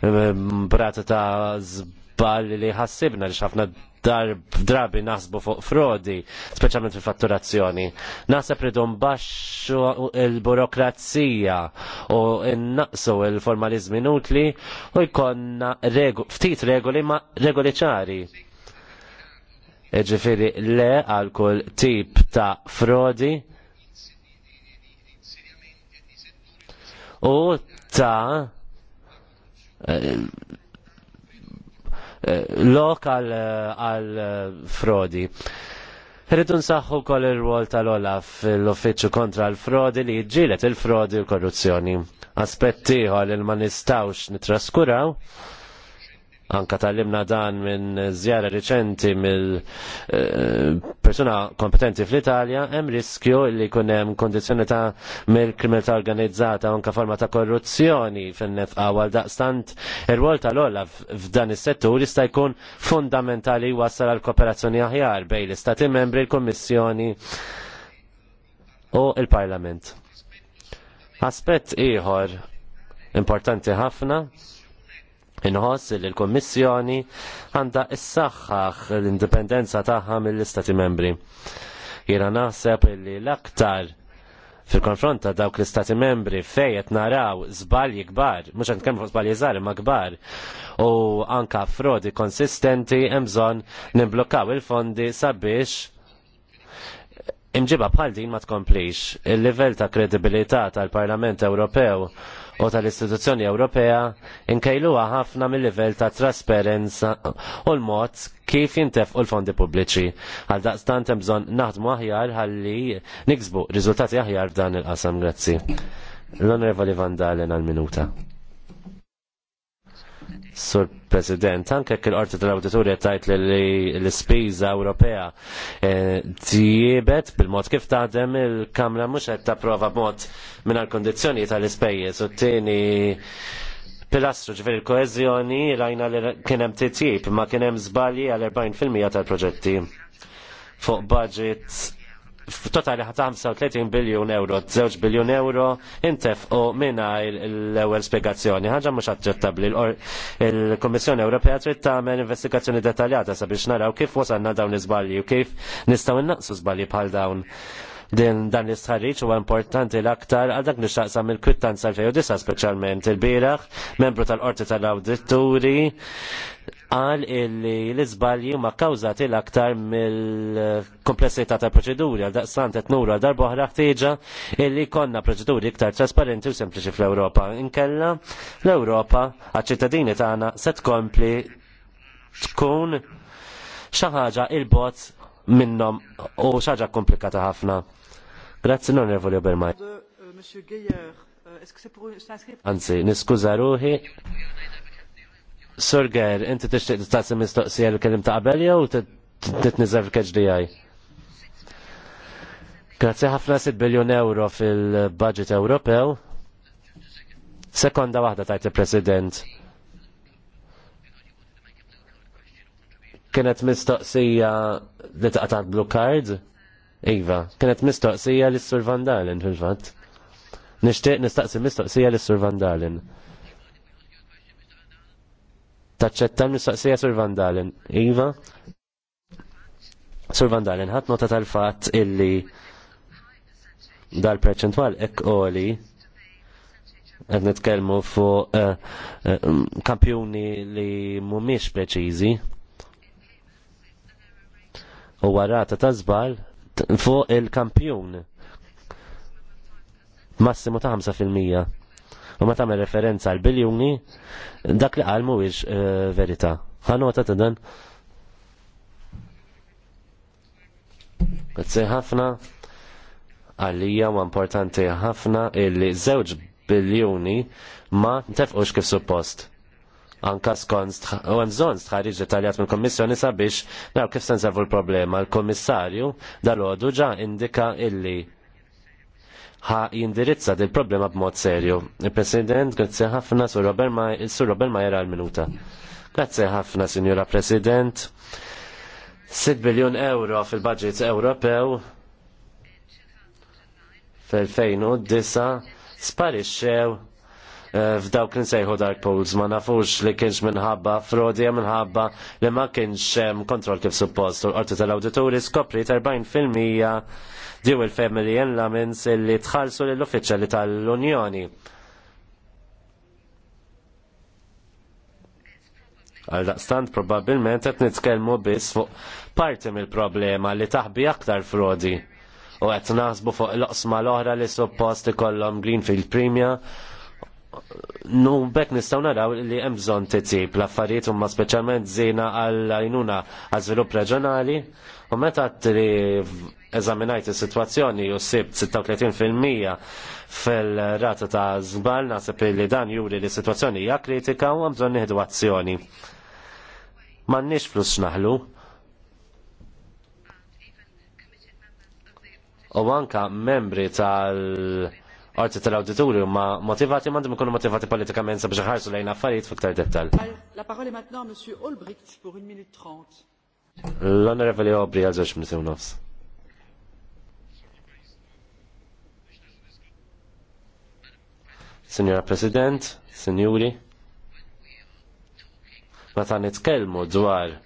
Ehm, brata ta' żball li ħassibna li xafna darb drabi nasbu fuq frodi, speċjalment fil-fatturazzjoni. Nasab ridu baxxu il-burokrazija u naqsu il-formalizmi nutli u jkonna regu, ftit regoli ma regoli ċari. Eġifiri le għal kull tip ta' frodi u ta' Eh, lok għal eh, eh, frodi. Rridu nsaħħu kol il-rwol tal-Olaf l-Uffiċċju kontra l-frodi li ġilet il-frodi u l-korruzzjoni. Aspetti għal il-ma nistawx nitraskuraw Anka tal-limna dan minn zjara riċenti mill eh, persuna kompetenti fl-Italja, hemm riskju li jkun hemm kondizzjoni ta' mill-kriminalità organizzata anka forma ta' korruzzjoni fin nef għal daqstant ir-rwol tal olla f'dan is-settur jista' jkun fundamentali wassal għal kooperazzjoni aħjar bejn l-Istati membri, l-Kummissjoni u l parlament Aspett ieħor importanti ħafna Inħoss li l-Kommissjoni għandha s-saxħax l-indipendenza tagħha mill-Istati membri. Jira naħseb li l-aktar fil-konfront ta' dawk l-Istati membri fejn naraw żbalji kbar, mhux għan kemm fuq żbalji żgħar ma' kbar, u anka frodi konsistenti hemm bżonn nimblokkaw il-fondi sabiex imġiba bħal din ma tkomplix. Il-livell ta' kredibilità tal-Parlament Ewropew u tal-istituzzjoni Ewropea inkejluha ħafna mill-livell ta' trasparenza u l-mod kif u l-fondi pubbliċi. Għal daqstant hemm bżonn naħdmu aħjar ħalli niksbu riżultati aħjar f'dan il-qasam grazzi. L-Onorevoli Vandalen għal-minuta. Sur President, anke kil qorti tal auditorja tajt li l-spiża Ewropea eh, tjibet bil-mod kif taħdem il-Kamra mhux qed tapprova b'mod minn kondizzjoni tal-ispejjeż u t-tieni pilastru ġifier il-koeżjoni rajna li kien hemm titjib ma kien hemm żbalji għal 40% tal-proġetti fuq budget f'totali ħata 35 biljun euro, 2 biljun euro intef u minna l-ewel spiegazzjoni. ħagġa mux aċċettabli il-Kommissjoni Ewropea trid tagħmel investigazzjoni detaljata sabiex naraw kif wasanna dawn iżbalji u kif nistgħu innaqsu żbalji bħal dawn. Din dan l-istħarriċ huwa importanti l-aktar għal dak nixtaqsam il-kwittanza 2009 speċjalment il-bieraħ, membru tal-Qorti tal-Awditturi qal illi l-izbalji ma kawżati l-aktar mill-komplessità ta' proċeduri għal daqstant qed nura darba oħra ħtieġa illi konna proċeduri iktar trasparenti u sempliċi fl-Ewropa. Inkella l-Ewropa għal ċittadini tagħna se tkompli tkun xi ħaġa il-bot minnhom u xi komplikata ħafna. Grazzi l-Onorevoli Obermaj. Anzi, niskuza ruhi. Sir Ger, inti tixtieq tistaqsi mistoqsija li kellim ta' qabel jew titniżar fil-KHDI? Grazie ħafna 6 biljun euro fil-budget Ewropew. Sekonda waħda tajt il-President. Kienet mistoqsija li taqta' blue card? Iva, kienet mistoqsija l sur Van Dalen fil-fatt. Nishtiq nistaqsi mistoqsija l sur Van Dalen. Taċċetta mistoqsija sur Van Dalen. Iva? Sur Van Dalen, ħat nota tal-fatt illi dal-perċentwal ek oli għed nitkelmu fu eh, eh, mm, kampjoni li mumiex preċizi u warata ta' zbal fuq il-kampjun. massimo ta' 5%. U ma tagħmel referenza għal biljuni, dak li qal mhuwiex eh, verità. Ħanota ta' dan. Grazzi ħafna għalija u importanti ħafna illi żewġ biljuni ma tefqux kif suppost anka skont u għemżon bżonn stħarriġ detaljat mill-Kommissjoni sabiex naw kif se l-problema. L-Kommissarju dal ħodu ġa indika illi ħa jindirizza del problema b'mod serju. Il-President, grazzi ħafna, Sur Robert Majer għal-minuta. Grazzi ħafna, Signora President. 6 biljon euro fil-budget Ewropew fil-2009 sparixxew Eh, f'dawk li nsejħu dark pools ma nafux li kienx minħabba frodi minħabba li ma kienx kontroll kif suppost u qorti tal-awdituri skopri 40% diw il-family enlaments li tħallsu lill uffiċali tal-Unjoni. Għal daqstant probabbilment qed nitkellmu biss fuq parti mill-problema li taħbi aktar frodi u qed naħsbu fuq l-oqsma l-oħra li suppost ikollhom Greenfield Premia nu bek nistgħu naraw li hemm bżonn titjib l-affarijiet huma speċjalment żina għal għajnuna għal żvilupp reġjonali u meta tri eżaminajt is-sitwazzjoni u sib 36% fil-rata ta' żball naħseb li dan juri li s-sitwazzjoni hija kritika u hemm bżonn nieħdu azzjoni. M'għandniex flus naħlu. U anka membri tal- orti tal-auditorju ma motivati ma dim ikunu motivati politikament sabiex ħarsu lejn affarijiet fiktar dettal. La parola è maintenant monsieur Olbricht pour 1 minute 30. L-onorevoli Obri għal żewġ minuti u nofs. Signora President, Signori, ma ta' nitkellmu dwar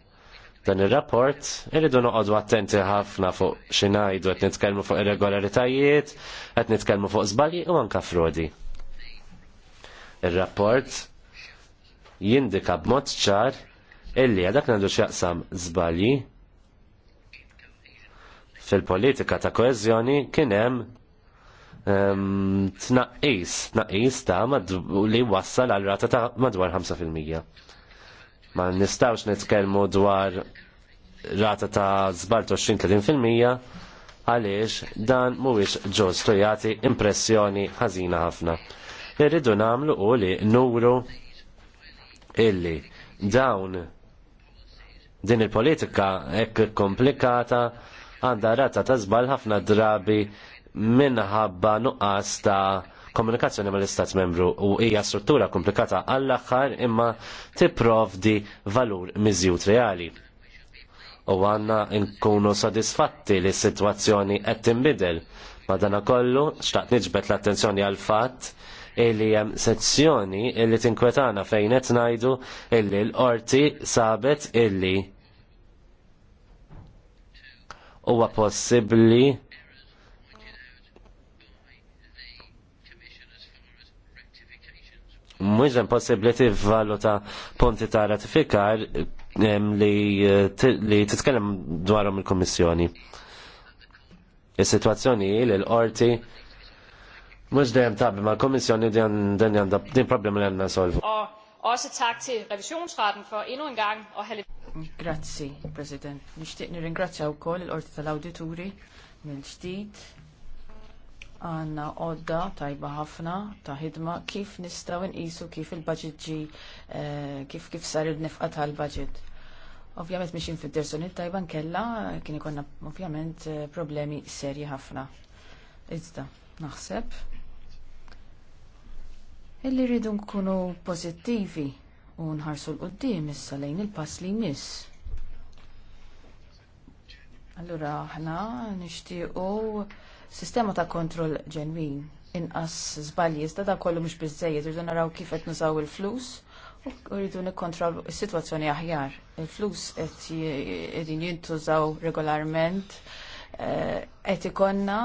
dan ir-rapport, irridu noqogħdu attenti ħafna fuq xi ngħidu qed nitkellmu fuq irregolaritajiet, qed nitkellmu fuq żbalji u anke frodi. Ir-rapport jindika b'mod ċar illi għadak għandu x'jaqsam żbalji fil-politika ta' koeżjoni kien hemm ehm, tnaqqis, tnaqqis ta' li wassal għal rata ta' madwar 5%. Ma nistawx nitkellmu dwar rata ta' zbal 20-30% għaliex dan mhuwiex ġustu jagħti impressjoni ħażina ħafna. Irridu nagħmlu u li nuru illi dawn din il-politika hekk komplikata għandha rata ta' żball ħafna drabi minħabba nuqqas ta' komunikazzjoni mal-Istat membru u hija struttura komplikata għall-aħħar imma tipprovdi valur miżjut reali. U għanna nkunu sodisfatti li s-sitwazzjoni qed tinbidel. Madana kollu, xtaqt niġbet l-attenzjoni għal fatt illi hemm sezzjoni illi tinkwetana fejn qed ngħidu illi l-qorti sabet illi huwa possibbli mhux hemm possibbli ta' punti ta' ratifikar eh, li titkellem dwarhom il-Kummissjoni. Is-sitwazzjoni li l-qorti mhux dejjem tabi mal-Kummissjoni din din problema li għandna solvu. Også tak til revisionsretten for endnu en gang at have Grazzi, President. Nishtiq nirringrazzja wkoll il-Qorti tal-Awdituri mill-ġdid għanna għodda tajba ħafna ta' ħidma kif nistaw nqisu kif il-budget ġi eh, kif kif sar il-nefqa tal-budget. Ovvjament miex fid dirsoni tajba nkella kien ikonna ovvjament eh, problemi serji ħafna. Iżda, naħseb. Illi rridu nkunu pozittivi u nħarsu l-qoddim issa lejn il-pass li jmiss. Allura aħna nixtiequ sistema ta' kontroll ġenwin inqas żbalji iżda da kollu mhux biżejjed irridu naraw kif qed nużaw il-flus u rridu nikkontrollu is sitwazzjoni aħjar. Il-flus qed qegħdin jintużaw regolarment eh, qed ikonna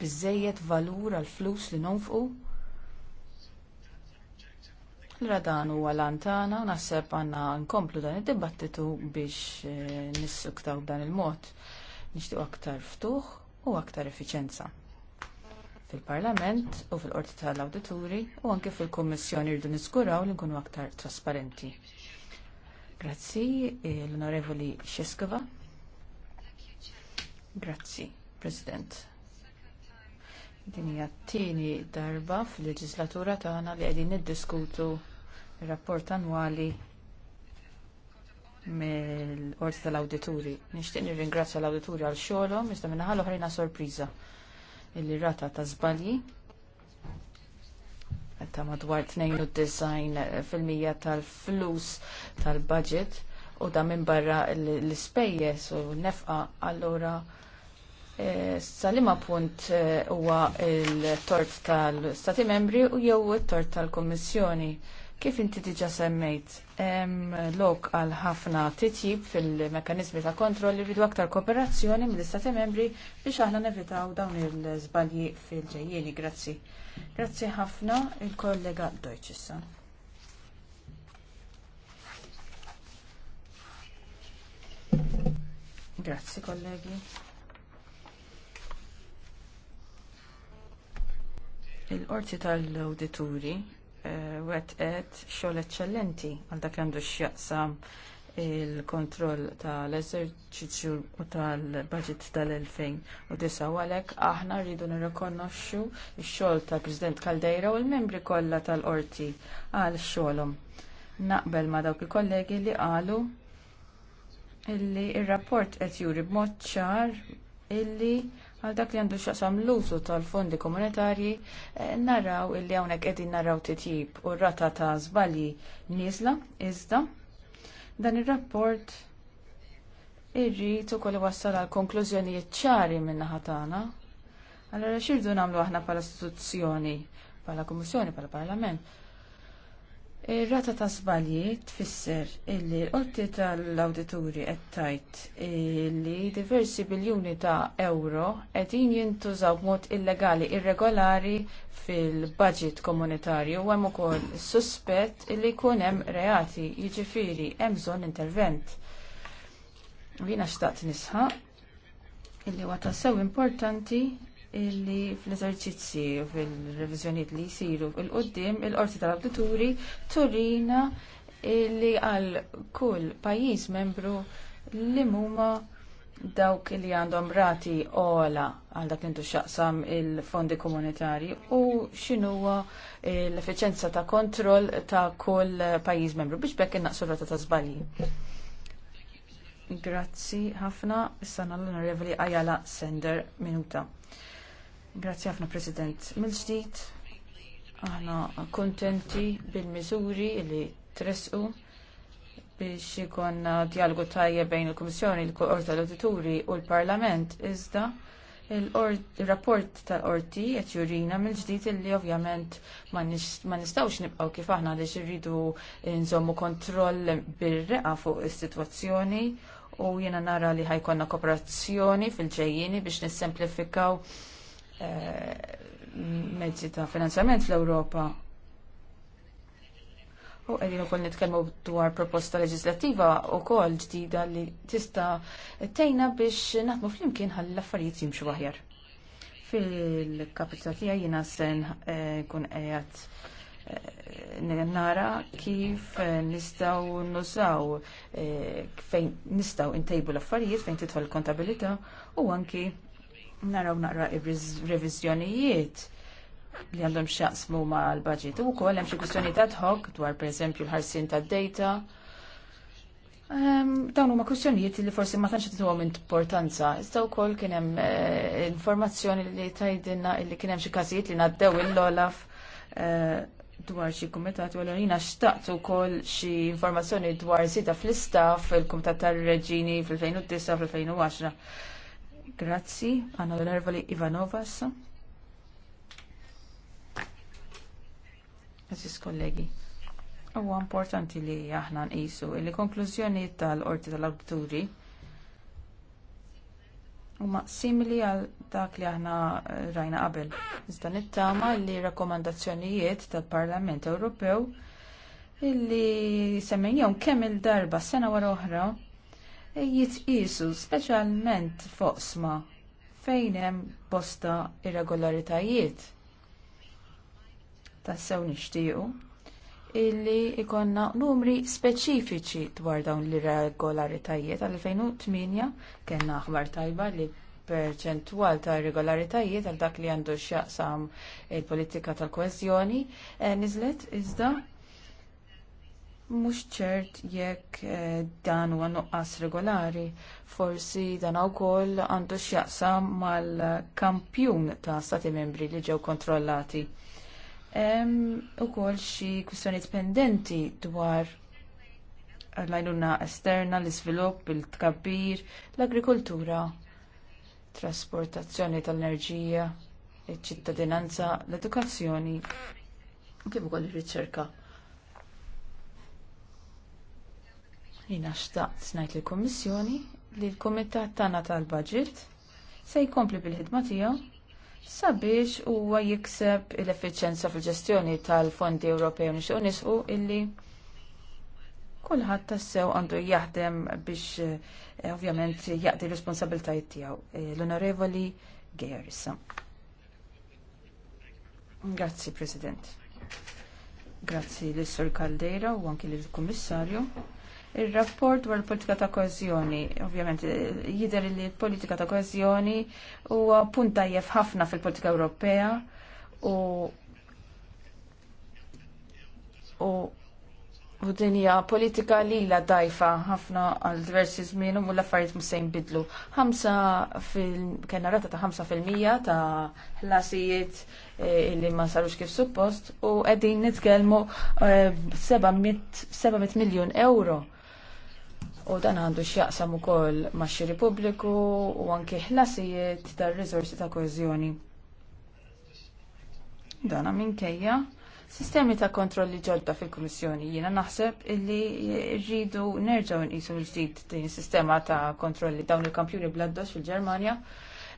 biżejjed valur għall-flus li nonfqu. L-radan u għal-antana u naħseb għandna nkomplu dan id-dibattitu biex eh, nissuktaw dan il-mod. Nishtiq aktar ftuħ u aktar effiċenza. Fil-Parlament u fil-Qorti tal-Awdituri u anke fil-Kommissjoni rridu niskuraw li nkunu aktar trasparenti. Grazzi l-Onorevoli Xeskova. Grazzi, President. Din hija t-tieni darba fil-leġislatura tagħna li qegħdin niddiskutu r rapport annwali mill-qorti tal-awdituri. Nixtieq nirringrazzja l-awdituri għal xogħolhom iżda minna l-oħrajna sorpriża illi rata ta' żbalji ta' madwar 92 eh, fil-mija tal-flus tal-budget u da minn barra l-ispejjeż u nefqa allura eh, Salima punt eh, huwa il-tort tal-Stati membri u jew it-tort tal-Kommissjoni. Kif inti diġa semmejt, hemm lok għal ħafna titjib fil-mekanizmi ta' kontroll li rridu aktar kooperazzjoni mill-Istati membri biex aħna nevitaw dawn il-żbalji fil-ġejjieni. Grazzi. Grazzi ħafna il-kollega Deutsch Grazzi kollegi. Il-qorti tal-awdituri wetqet xogħol eċċellenti għal dak għandu x'jaqsam il-kontroll tal-eżerċizzju u tal-budget tal-2009 u għalhekk aħna rridu nirrikonoxxu x-xogħol tal-President Caldeira u l-membri kollha tal-qorti għal xogħolhom. Naqbel ma dawk il-kollegi li qalu illi ir-rapport qed juri b'mod ċar illi Għal dak li għandu xaqsam l-użu tal-fondi komunitarji, eh, naraw illi hawnhekk qegħdin naraw titjib u rata ta' żbalji nieżla iżda. Dan ir-rapport irrid ukoll wassal għal konklużjonijiet ċari min-naħa tagħna. xirdu nagħmlu aħna bħala istituzzjoni, bħala Kummissjoni, bħala Parlament Ir-rata ta' żbalji tfisser illi l-qotti tal-awdituri qed tajt li diversi biljuni ta' euro qegħdin jintużaw b'mod illegali irregolari fil-budget komunitarju u hemm ukoll suspett illi jkun hemm reati jiġifieri hemm bżonn intervent. Jiena xtaqt nisħaq illi huwa tassew importanti illi fl-eżerċizzi u fil-revizjoniet li jisiru il-qoddim il-qorti tal-abdituri turina illi għal kull pajjiż membru li huma dawk li għandhom rati ola għal dak intu xaqsam il-fondi komunitari u xinuwa l-efficienza ta' kontroll ta' kull pajjiż membru biex bekk innaqsu rata ta' żbalji. Grazzi ħafna, s-sana l-onorevoli Ajala Sender, minuta. Grazzi ħafna President. mil ġdid aħna kontenti bil-miżuri li tresqu biex ikonna dialogu tajje bejn il-Kummissjoni, l-Qorta tal-Awdituri u l-Parlament, iżda il-rapport tal-qorti qed jurina mill-ġdid li ovvjament ma nistgħux nibqgħu kif aħna li irridu nżommu kontroll bir-reqa fuq is-sitwazzjoni u jiena nara li ħajkonna kooperazzjoni fil-ġejjini biex nissemplifikaw Eh, mezzi ta' finanzjament fl-Ewropa. U għedin u koll nitkelmu dwar proposta leġislativa u koll ġdida li tista tejna biex naħdmu fl-imkien għall affarijiet jimxu aħjar. Fil-kapital tiegħi jiena sen eh, kun qiegħed eh, nara kif nistaw nużaw fejn nistaw intejbu l-affarijiet fejn titħol kontabilità u anki naraw naqra revizjonijiet li għandhom xaqsmu ma l-budget. U kol hemm xi kwistjonijiet ta' hoc dwar pereżempju l-ħarsin ta' data. Ehm, dawn huma kwistjonijiet li forsi ma tantx minn importanza. Iżda wkoll kien hemm eh, informazzjoni li tgħidilna li kien hemm xi każijiet li ngħaddew il-Olaf eh, dwar xi kumitati u jina xtaqt ukoll xi informazzjoni dwar zita fl-istaff il-Kumitat tal reġini fil-2009 fil-2010. Grazzi, għanna l Ivanovas. Aziz kollegi, huwa importanti li aħna nqisu li konklużjoni tal-Qorti tal-Awdituri huma simili għal dak li aħna rajna qabel. Iżda nittama li rakkomandazzjonijiet tal-Parlament Ewropew illi semmejjhom kemm il-darba sena wara oħra jitqisu speċjalment foqsma fejn hemm bosta irregolaritajiet. Tassew nixtiequ illi ikonna numri speċifiċi dwar dawn l-irregolaritajiet. Għal-2008 kena aħbar tajba li perċentwal ta' irregolaritajiet għal dak li għandu x'jaqsam il-politika tal kwezjoni eh, nizlet iżda Mhux ċert jekk eh, dan huwa nuqqas regolari, forsi dan wkoll għandu x'jaqsam mal-kampjun ta' stati membri li ġew kontrollati. Hemm ukoll xi kwistjonijiet pendenti dwar l-għajnuna esterna, l-iżvilupp, il-tkabbir, l-agrikoltura, trasportazzjoni tal-enerġija, iċ-ċittadinanza, l-edukazzjoni, kif ukoll ir-riċerka Jina xtaqt snajt l-Komissjoni li l-Komitat Tana tal-Budget se jkompli bil-ħidma tiegħu sabiex huwa jikseb l-effiċenza fil-ġestjoni tal-Fondi Ewropej nixtieq nisqu illi kulħadd tassew għandu jaħdem biex eh, ovvjament jaqdi responsabiltajiet tiegħu. Eh, L-Onorevoli Gejer Grazzi President. Grazzi l-Sur Caldeira u anki l-Kummissarju Il-rapport dwar il-politika ta' koezjoni, ovvjament, jider li l-politika ta' koezjoni huwa punta jef ħafna fil-politika Ewropea u u u politika li la dajfa ħafna għal diversi żmien u l-affarijiet msejn bidlu. Ħamsa kellna rata ta' 5% ta' ħlasijiet eh, li ma sarux kif suppost u qegħdin nitkellmu 700 eh, miljun euro u dan għandu x'jaqsam ukoll max-xiri pubbliku u anke ħlasijiet tar-riżorsi ta' Dan Dana minkejja sistemi ta' kontrolli ġodda fil-Kummissjoni jiena naħseb illi rridu nerġgħu nqisu l-ġdid din sistema ta' kontrolli dawn il-kampjuni bladdos fil-Ġermanja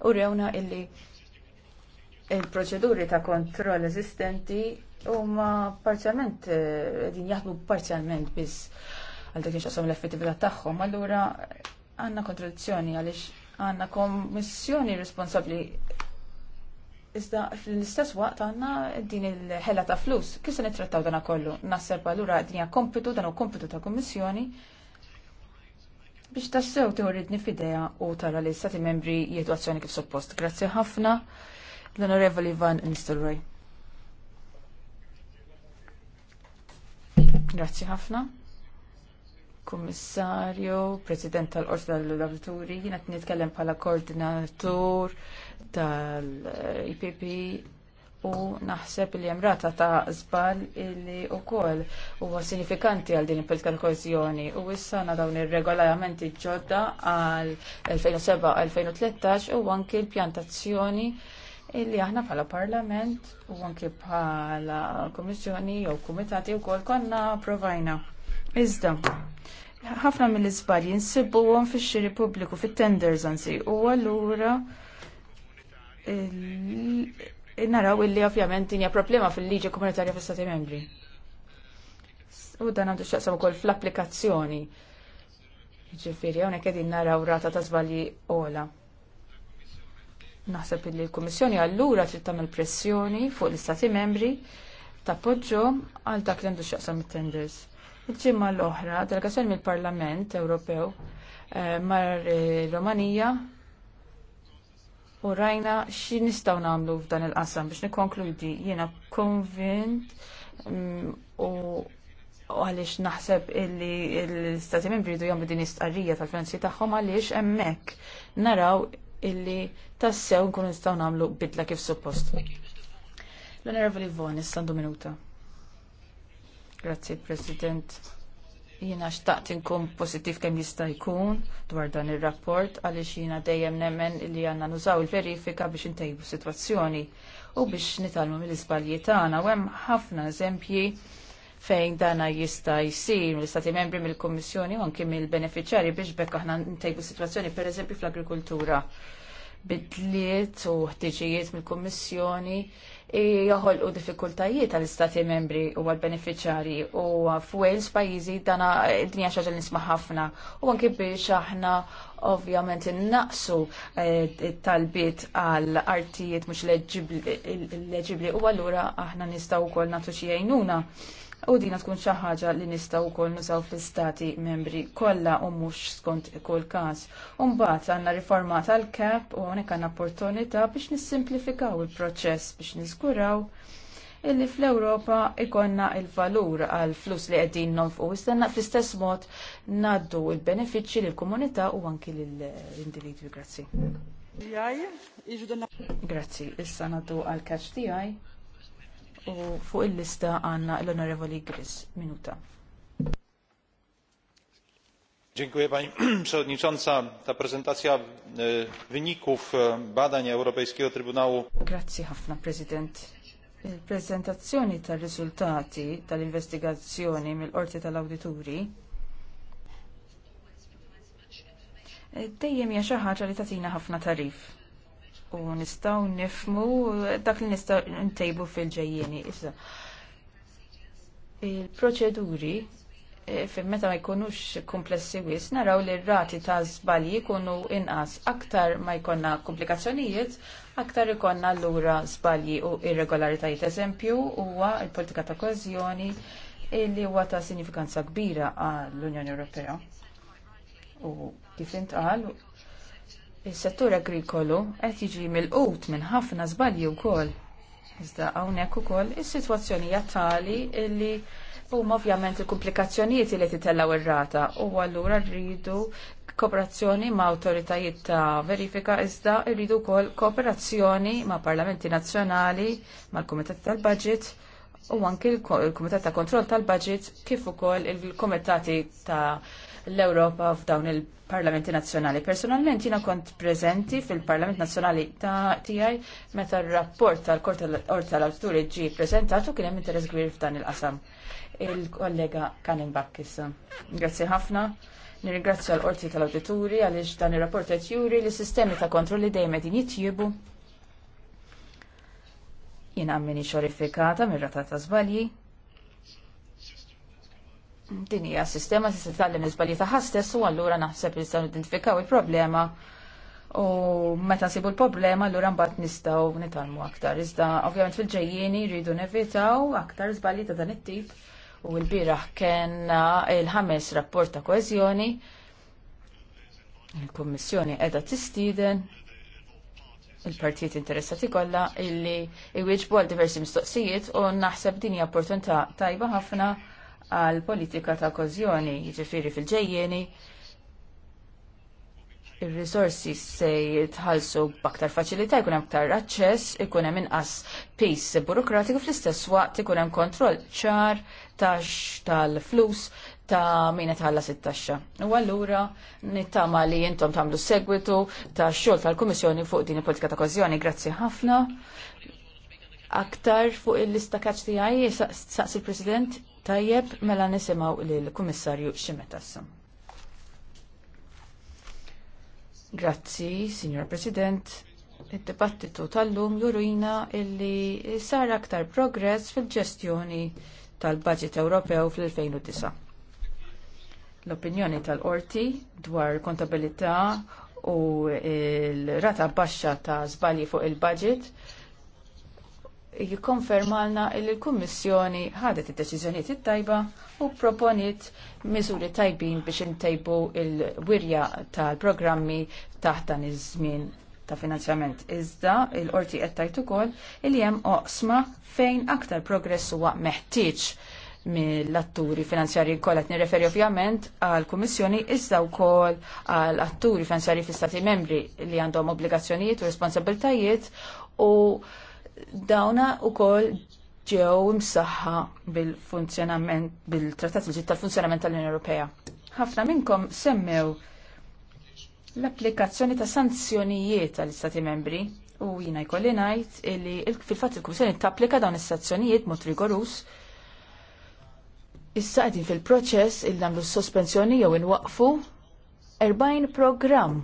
u rewna illi il-proċeduri ta' kontroll eżistenti huma parzjalment eh, din jaħdmu parzjalment biss għal dak xaqsam l-effettività tagħhom. Allura għandna kontradizzjoni għaliex għandna kommissjoni responsabbli Iżda fl-istess waqt għandna din il-ħela ta' flus, kif se nittrattaw dan kollu? Nasser allura din hija kompitu dan u kompitu ta' kommissjoni. biex tassew teoridni f'idea u tara li stati membri jiedu azzjoni kif suppost. Grazzi ħafna l-Onorevoli Van Nistelrooy. Grazzi ħafna kummissarju, president tal-Qorti tal-Lavrituri, jina qed nitkellem bħala koordinatur tal-IPP u naħseb li hemm rata ta' żball illi wkoll huwa sinifikanti għal din il-politika kohezjoni u issa na dawn ir-regolamenti ġodda għal 2007-2013 u anki l-pjantazzjoni illi aħna bħala parlament u anke bħala komissjoni jew kumitati wkoll konna provajna. Iżda, ħafna mill-iżbalji għom fix-xiri pubbliku fit-tenders għansi, u allura naraw illi ovvjament hija problema fil-liġi komunitarja fil stati membri. U dan għandu xaqsam ukoll fl-applikazzjoni. Ġifiri, hawnhekk għedin naraw rata ta' żbalji ola. Naħseb illi l-Kummissjoni allura trid tagħmel pressjoni fuq l-Istati membri tappoġġhom għal dak li għandu xaqsam it-tenders. Il-ġimma l-oħra, delegazzjoni mill-Parlament Ewropew eh, mar eh, Romanija u rajna xi nistgħu nagħmlu f'dan il-qasam biex nikkonkludi jiena konvint mm, u għaliex naħseb illi l-Stati Membri jridu jagħmlu din istqarrija tal-finanzi tagħhom għaliex hemmhekk naraw illi tassew nkunu nistgħu nagħmlu bidla kif suppost. L-Onorevoli Von, istandu minuta. Grazie, President. Jina xtaqt inkom pozittiv kem jista' jkun dwar dan ir-rapport għaliex jina dejjem nemmen li għandna nużaw il-verifika biex intejbu sitwazzjoni u biex nitalmu mill-iżbalji tagħna u hemm ħafna eżempji fejn dana jista' jsir mill-Istati Membri mill-Kummissjoni u anke mill-beneficjari biex bekk aħna ntejbu sitwazzjoni pereżempju fl-agrikoltura bidliet u ħtiġijiet mill-Kummissjoni joħolqu diffikultajiet għall-istati membri u għall-beneficjari u f'Wales pajjiżi dana id-dinja xaġal nisma' ħafna u anke biex aħna ovvjament innaqsu eh, talbiet għal artijiet mhux leġibli u allura aħna nistgħu wkoll nagħtu xi jgħinuna U dina tkun xi ħaġa li nistgħu wkoll nużaw fl-istati membri kollha u mhux skont kull każ. U mbagħad għandna riforma tal-kap u hawnhekk għandna opportunità biex nissimplifikaw il-proċess biex niżguraw illi fl-Ewropa ikonna il-valur għal flus li qegħdin nonfqu istenna fl-istess mod ngħaddu l-benefiċċji lill komunità u anki lill-individwi. Grazzi. Grazzi, issa naddu għal kaċ tiegħi. U fuq il-lista għanna l-Onorevoli Gris. Minuta. Dziękuję Pani Przewodnicząca. Ta prezentacja e, wyników e, badań Europejskiego Trybunału. Grazie ħafna Prezydent. Il-prezentazzjoni tal-riżultati tal-investigazzjoni mill-Qorti tal-Awdituri e, dejjem hija xi ħaġa li tatina ħafna tarif u nistaw nifmu dak li nistaw ntejbu fil-ġejjeni. Issa, il-proċeduri e, fin meta ma jkunux komplessi wis, naraw li r-rati ta' zbalji jkunu inqas aktar ma jkonna komplikazzjonijiet, aktar jkonna l-ura zbalji u irregolaritajiet. Eżempju, huwa il-politika ta' kozjoni li huwa ta' sinifikanza kbira għall-Unjoni Ewropea. U kif intqal, Is-settur agrikolu qed jiġi mill minn ħafna żbalji wkoll. Iżda hawnhekk ukoll is-sitwazzjoni hija tali li huma ovvjament il-komplikazzjonijiet li titellaw ir-rata u allura rridu kooperazzjoni ma' awtoritajiet ta' verifika iżda rridu wkoll kooperazzjoni ma' parlamenti nazzjonali, mal-Kumitat tal-Budget u anki l-Kumitat ta' Kontroll tal-Budget kif ukoll il-Kumitati ta' l-Ewropa f'dawn il-Parlamenti Nazzjonali. Personalment jiena kont preżenti fil-Parlament Nazzjonali tiegħi meta r-rapport tal-Kort tal-Awturi ġie preżentat u kien hemm interess kbir f'dan il-qasam. Il-kollega Kanin Bakkissa. Grazzi ħafna. Nirringrazzja l-Qorti tal-Awdituri għaliex dan ir-rapport qed juri li sistemi ta' kontrolli dejjem qegħdin jitjiebu. Jien minni xorifikata mir-rata ta' żbalji Din hija sistema se titgħallem iżbalji ta' stess u allura naħseb li nistgħu identifikaw il-problema u meta nsibu l-problema allura mbagħad nistgħu nitalmu aktar. Iżda ovvjament fil-ġejjieni jridu nevitaw aktar żbalji ta' dan it-tip u l-biraħ kena il-ħames rapport ta' koeżjoni il-Kummissjoni qiegħda tistieden il-partijiet interessati kollha illi iwieġbu għal diversi mistoqsijiet u naħseb din hija opportunità tajba ħafna ta għal politika ta' kozjoni, jiġifieri fil-ġejjeni, ir-risorsi se jitħallsu b'aktar faċilità, jkun hemm aktar aċċess, ikun hemm inqas pis burokratiku fl-istess waqt ikun hemm kontroll ċar tax tal-flus ta' min qed ħallas it-taxxa. U allura nittama li intom tagħmlu segwitu ta' xogħol tal-Kummissjoni fuq din il-politika ta' kożjoni. Grazzi ħafna aktar fuq il-lista kaċ tijaj, saqs il-President, Tajjeb, mela nisimaw lill-Kummissarju Ximetassa. Grazzi, Signor President. Id-dibattitu tal-lum jurina illi sar aktar progress fil-ġestjoni tal-Budget Ewropew fl-2009. L-opinjoni tal-Orti dwar kontabilità u l-rata baxxa ta' żbalji fuq il-budget jikkonfermalna li l-Kummissjoni ħadet id-deċiżjonijiet it-tajba u proponiet miżuri tajbin biex intejbu il-wirja tal-programmi taħt dan iż-żmien ta' finanzjament. Iżda l qorti qed tajt ukoll li hemm oqsma fejn aktar progress huwa meħtieġ mill-atturi finanzjarji kollha qed nirreferi ovvjament għall kummissjoni iżda wkoll għall atturi finanzjarji fl-Stati membri li għandhom obbligazzjonijiet u responsabiltajiet u dawna wkoll ġew msaħħa bil-funzjonament, bil-trattat il tal-funzjonament tal-Unjoni Ewropea. ħafna minnkom semmew l-applikazzjoni ta' sanzjonijiet tal-Istati membri u jina jkolli ngħid li fil-fatt il-Kummissjoni tapplika dawn is-sanzjonijiet mod rigorus Issa qegħdin fil-proċess il nagħmlu s-sospensjoni jew inwaqfu 40 programm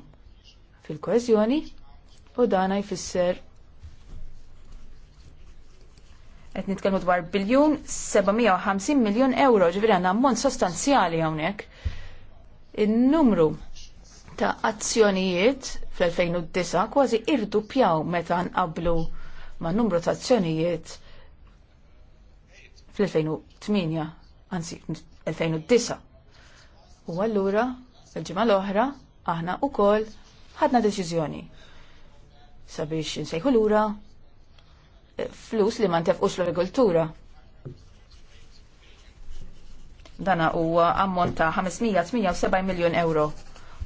fil-koeżjoni u dana jfisser qed nitkellmu dwar biljun 750 miljun euro, ġifieri għandna ammont sostanzjali hawnhekk. In-numru ta' azzjonijiet fl-2009 kważi pjaw meta nqablu ma' numru ta' azzjonijiet fl-2008, anzi 2009. U allura il-ġimgħa l-oħra aħna wkoll ħadna deċiżjoni sabiex nsejħu lura flus li ma ntefqux l-agrikoltura. Dana huwa ammont ta' 578 miljon euro.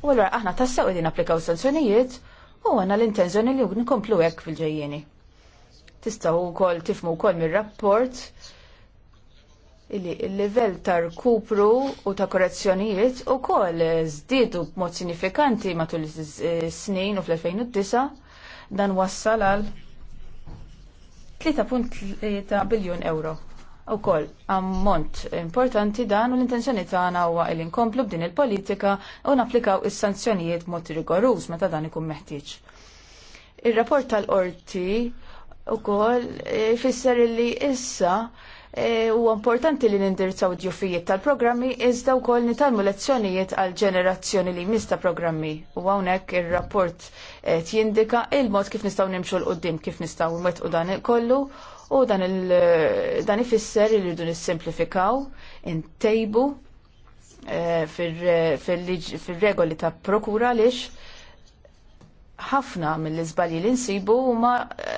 U għallura aħna id-din applikaw sanzjonijiet u għanna l-intenzjoni li nkomplu hekk fil Tistaw u wkoll tifmu wkoll mir-rapport il-livell ta' rkupru u ta' korrezzjonijiet u kol zdidu b'mod sinifikanti matul is eh, snin u fl-2009 dan wassal għal 3.3 biljun euro. U koll, ammont importanti dan u l-intenzjoni tagħna huwa li nkomplu b'din il-politika u napplikaw is-sanzjonijiet mod rigoruż meta dan ikun meħtieġ. Ir-rapport tal-qorti u koll eh, fisser li issa huwa e, importanti li nindirizzaw id tal-programmi iżda wkoll nitalmu lezzjonijiet għal ġenerazzjoni li mista programmi u hawnhekk ir-rapport tjindika il-mod kif nistgħu nimxu l qudiem kif nistgħu nwettqu dan kollu u dan dan ifisser li rridu nissimplifikaw, intejbu e, fil-regoli ta' prokura lix ħafna mill-izbalji li nsibu huma e,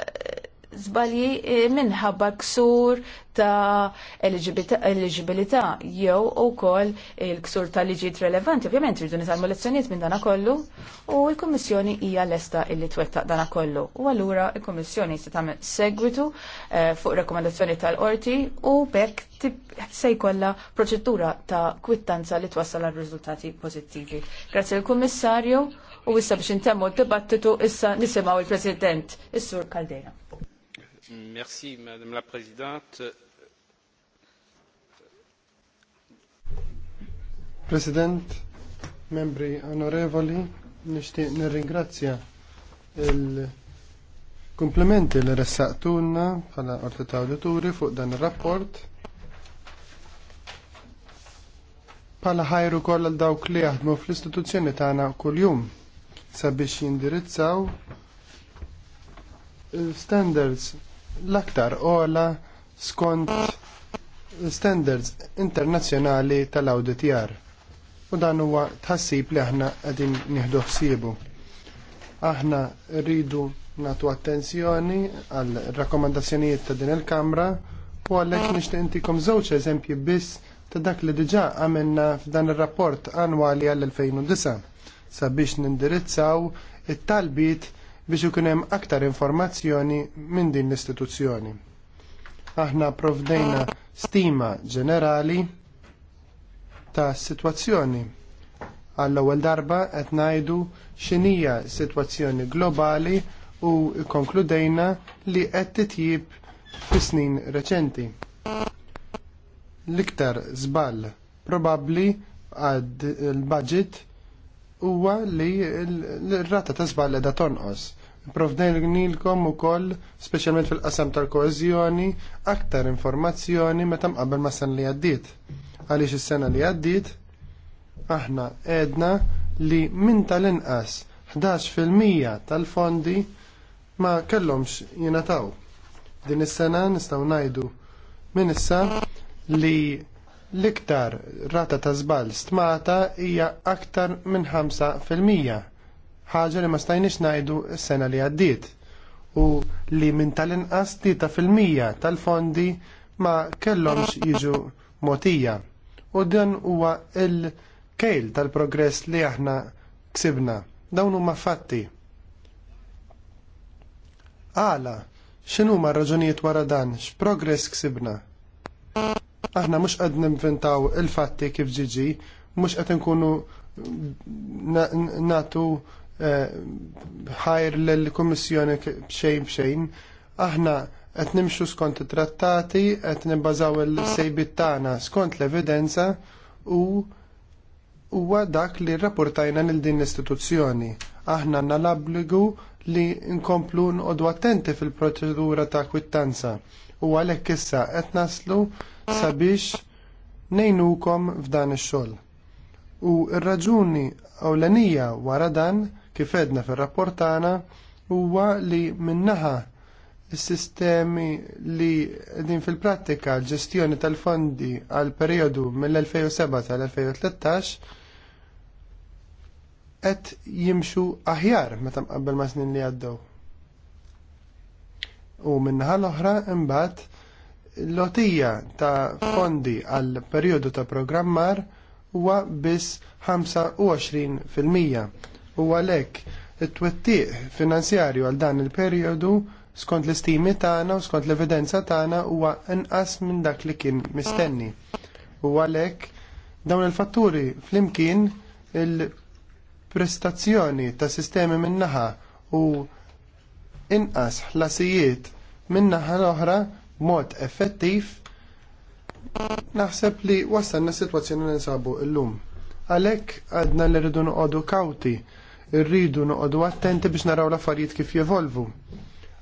żbalji eh, minħabba ksur ta' eligibilità jew ukoll il-ksur ta' liġijiet relevanti. Ovvjament rridu nisalmu lezzjonijiet minn dana kollu u l komissjoni hija lesta illi twettaq dana kollu. U allura l-Kummissjoni se tagħmel segwitu eh, fuq rekomendazzjoni tal-qorti u bekk se jkollha proċedura ta' kwittanza li twassal għal riżultati pożittivi. Grazzi l-Kummissarju u issa biex intemmu d-dibattitu issa nisimgħu il-President, is-Sur Caldera. Merci, Madame la Présidente. President, membri onorevoli, nishtiq nirringrazzja il-komplimenti li ressaqtuna bħala orti ta' fuq dan ir-rapport. Bħala ħajru koll għal dawk li jaħdmu fl-istituzzjoni tagħna kuljum sabiex jindirizzaw standards l-aktar ola skont standards internazzjonali tal-auditjar. U dan huwa tħassib li aħna qegħdin nieħdu ħsiebu. Aħna rridu nagħtu attenzjoni għal rakkomandazzjonijiet ta' din il-Kamra u għalhekk nixtieq intikom żewġ eżempji biss ta' dak li diġà għamilna f'dan ir-rapport annwali għall-2009 sabiex nindirizzaw it-talbiet biex ikun hemm aktar informazzjoni minn din l-istituzzjoni. Aħna provdejna stima ġenerali ta' situazzjoni. Għall-ewwel darba qed ngħidu x'inhija situazzjoni globali u konkludejna li qed titjib fis-snin reċenti. L-iktar żball probabbli għad il-budget huwa li l-rata ta' żball da tonqos. Provdejnilkom ukoll, speċjalment fil-qasam tal-koeżjoni, aktar informazzjoni meta mqabbel ma' sen li għaddiet. Għaliex is-sena li għaddiet aħna edna li min tal-inqas 11% tal-fondi ma kellhomx jingħataw. Din is-sena nistgħu ngħidu min issa li L-iktar rata ta' żball stmata hija aktar minn 5%, ħaġa li ma stajniex ngħidu s-sena li għaddiet u li minn tal-inqas 3% tal-fondi ma kellhomx jiġu motija. U dan huwa il-kejl tal-progress li aħna ksibna. Dawn huma fatti. Għala, x'inhuma ma raġunijiet wara dan, x'progress ksibna? Aħna mhux qed ninventaw il-fatti kif ġiġi, mhux qed inkunu natu eh, ħajr l-Kummissjoni bxejn bxejn. Aħna qed nimxu skont it-trattati, qed nibbażaw il-sejbit tagħna skont l-evidenza u huwa dak li rrapportajna lil din l-istituzzjoni. Aħna għandna l li nkomplu nqodu attenti fil-proċedura ta' kwittanza. U għalhekk issa qed naslu sabiex nejnukom f'dan ix-xogħol. U r-raġuni ewlenija wara dan kif edna fir-rapport tagħna huwa li minnaħa s-sistemi li din fil-prattika l-ġestjoni tal-fondi għal periodu mill-2007 tal-2013 qed jimxu aħjar meta mqabbel ma' snin li għaddew. U minnaħa l-oħra imbagħad lotija ta' fondi għal perjodu ta' programmar huwa biss 25% u għalhekk it-twettiq finanzjarju għal dan il-perjodu skont l-istimi tagħna u skont l-evidenza tagħna huwa inqas minn dak li kien mistenni. U għalhekk dawn il-fatturi flimkien il-prestazzjoni ta' sistemi min-naħa u inqas ħlasijiet min-naħa l-oħra mod effettiv, naħseb li s situazzjoni li nsabu l-lum. Għalhekk għadna li rridu noqogħdu kawti, rridu noqogħdu attenti biex naraw l-affarijiet kif jevolvu.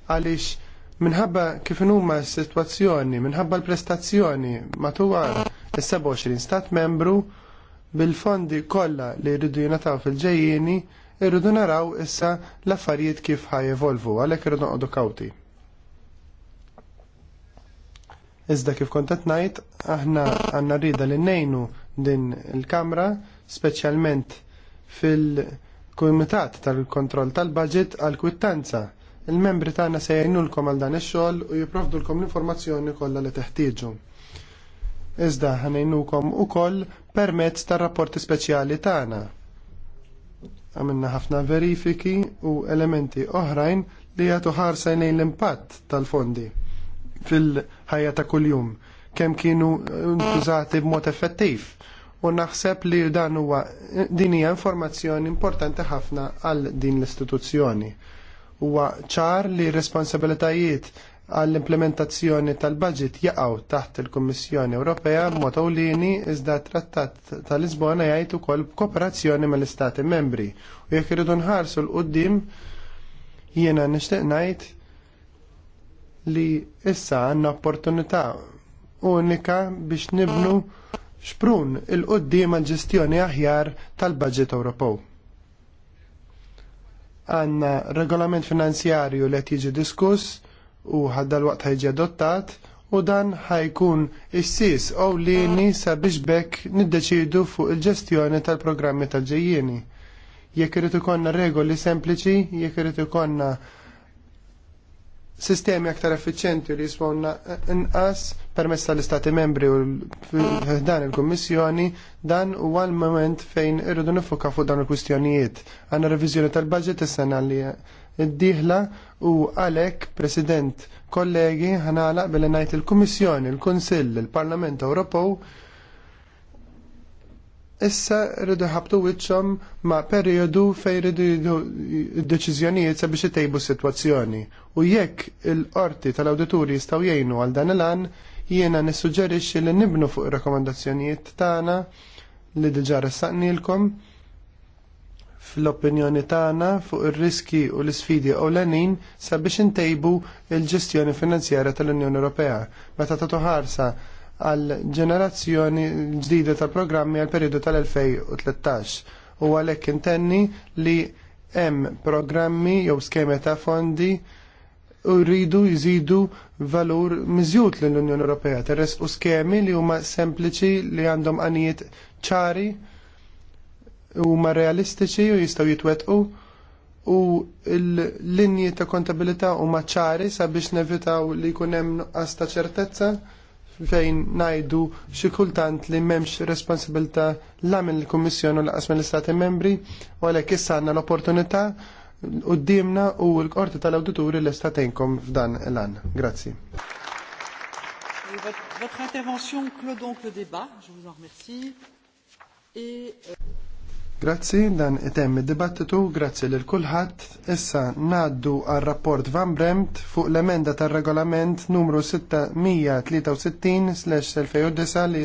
Għaliex minħabba kif huma s-sitwazzjoni, minħabba l-prestazzjoni matwar is-27 stat membru bil-fondi kollha li rridu jingħataw fil ġejjini irridu naraw issa l-affarijiet kif ħaj jevolvu. għalhekk irridu noqogħdu kawti. Iżda kif kont qed ngħid, aħna għandna rida li nejnu din il-Kamra, speċjalment fil-Kumitat tal-Kontroll tal-Budget għal-Kwittanza. Il-membri tagħna se jgħinulkom għal dan ix-xogħol u jipprovdulkom l-informazzjoni kollha li teħtieġu. Iżda ħanejnukom ukoll permezz tar-rapporti speċjali tagħna. Għamilna ħafna verifiki u elementi oħrajn li jagħtu ħarsa lejn l-impatt tal-fondi fil- ħajja ta' kuljum kemm kienu ntużati b'mod effettiv. U naħseb li dan huwa din hija informazzjoni importanti ħafna għal din l-istituzzjoni. Huwa ċar li responsabilitajiet għall-implementazzjoni tal-budget jaqgħu taħt il-Kummissjoni Ewropea b'mod ewlieni iżda trattat tal-Lisbona jgħid ukoll b'kooperazzjoni mill-Istati membri. U jekk iridu nħarsu l-qudiem jiena nixtieq ngħid li issa għandna opportunità unika biex nibnu xprun il-qoddim ġestjoni aħjar tal-budget Ewropew għanna regolament finanzjarju li jiġi diskuss u ħaddal waqt ħajġi adottat u dan ħajkun issis u lini sabiex bekk niddeċidu fuq il-ġestjoni tal-programmi tal-ġejjieni. Jekk irid ikollna regoli sempliċi, jekk irid ikollna sistemi aktar effiċjenti li jiswawna inqas permess tal-Istati membri u dan il-Kommissjoni dan huwa l-moment fejn irridu nifuka fuq dan il-kwistjonijiet. Għandna reviżjoni tal-budget is-sena li d-dieħla u għalek, President kollegi ħanaqlaq billi ngħid il-Kummissjoni, il-Kunsill, il-Parlament Ewropew issa rridu ħabtu wiċċhom ma' perjodu fejn rridu deċiżjonijiet sabiex itejbu s-sitwazzjoni. U jekk il-qorti tal-awdituri jistgħu jgħinu għal dan il-għan, jiena nissuġġerixxi li nibnu fuq ir-rakkomandazzjonijiet tagħna li diġà ressaqnilkom fl-opinjoni tagħna fuq ir-riski u l-isfidi ewlenin sabiex intejbu l-ġestjoni finanzjarja tal-Unjoni Ewropea. Meta tagħtu ħarsa għal ġenerazzjoni ġdida ta' programmi għal periodu tal-2013 u għalhekk intenni li hemm programmi jew skema ta' fondi u rridu jżidu valur miżjut l-Unjoni Ewropea teres u skemi li huma sempliċi li għandhom għanijiet ċari huma realistiċi u jistgħu jitwettqu u l-linji ta' kontabilità huma ċari sabiex nevitaw li jkun hemm nuqqas ta' ċertezza fejn najdu xi kultant li m'hemmx responsabilità la minn il-Kummissjoni u laqas mill-Istati membri u għalhekk issa għandna l-opportunità qudiemna u l-Qorti tal-Awdituri l istatejnkom f'dan l għan Grazzi. Votre intervention clôt donc le débat. Je vous en remercie. Et... Euh, Grazzi, dan item id-dibattitu, grazzi lil kulħadd. Issa naddu għal rapport Van Bremt fuq l-emenda tar-regolament numru 663/2009 li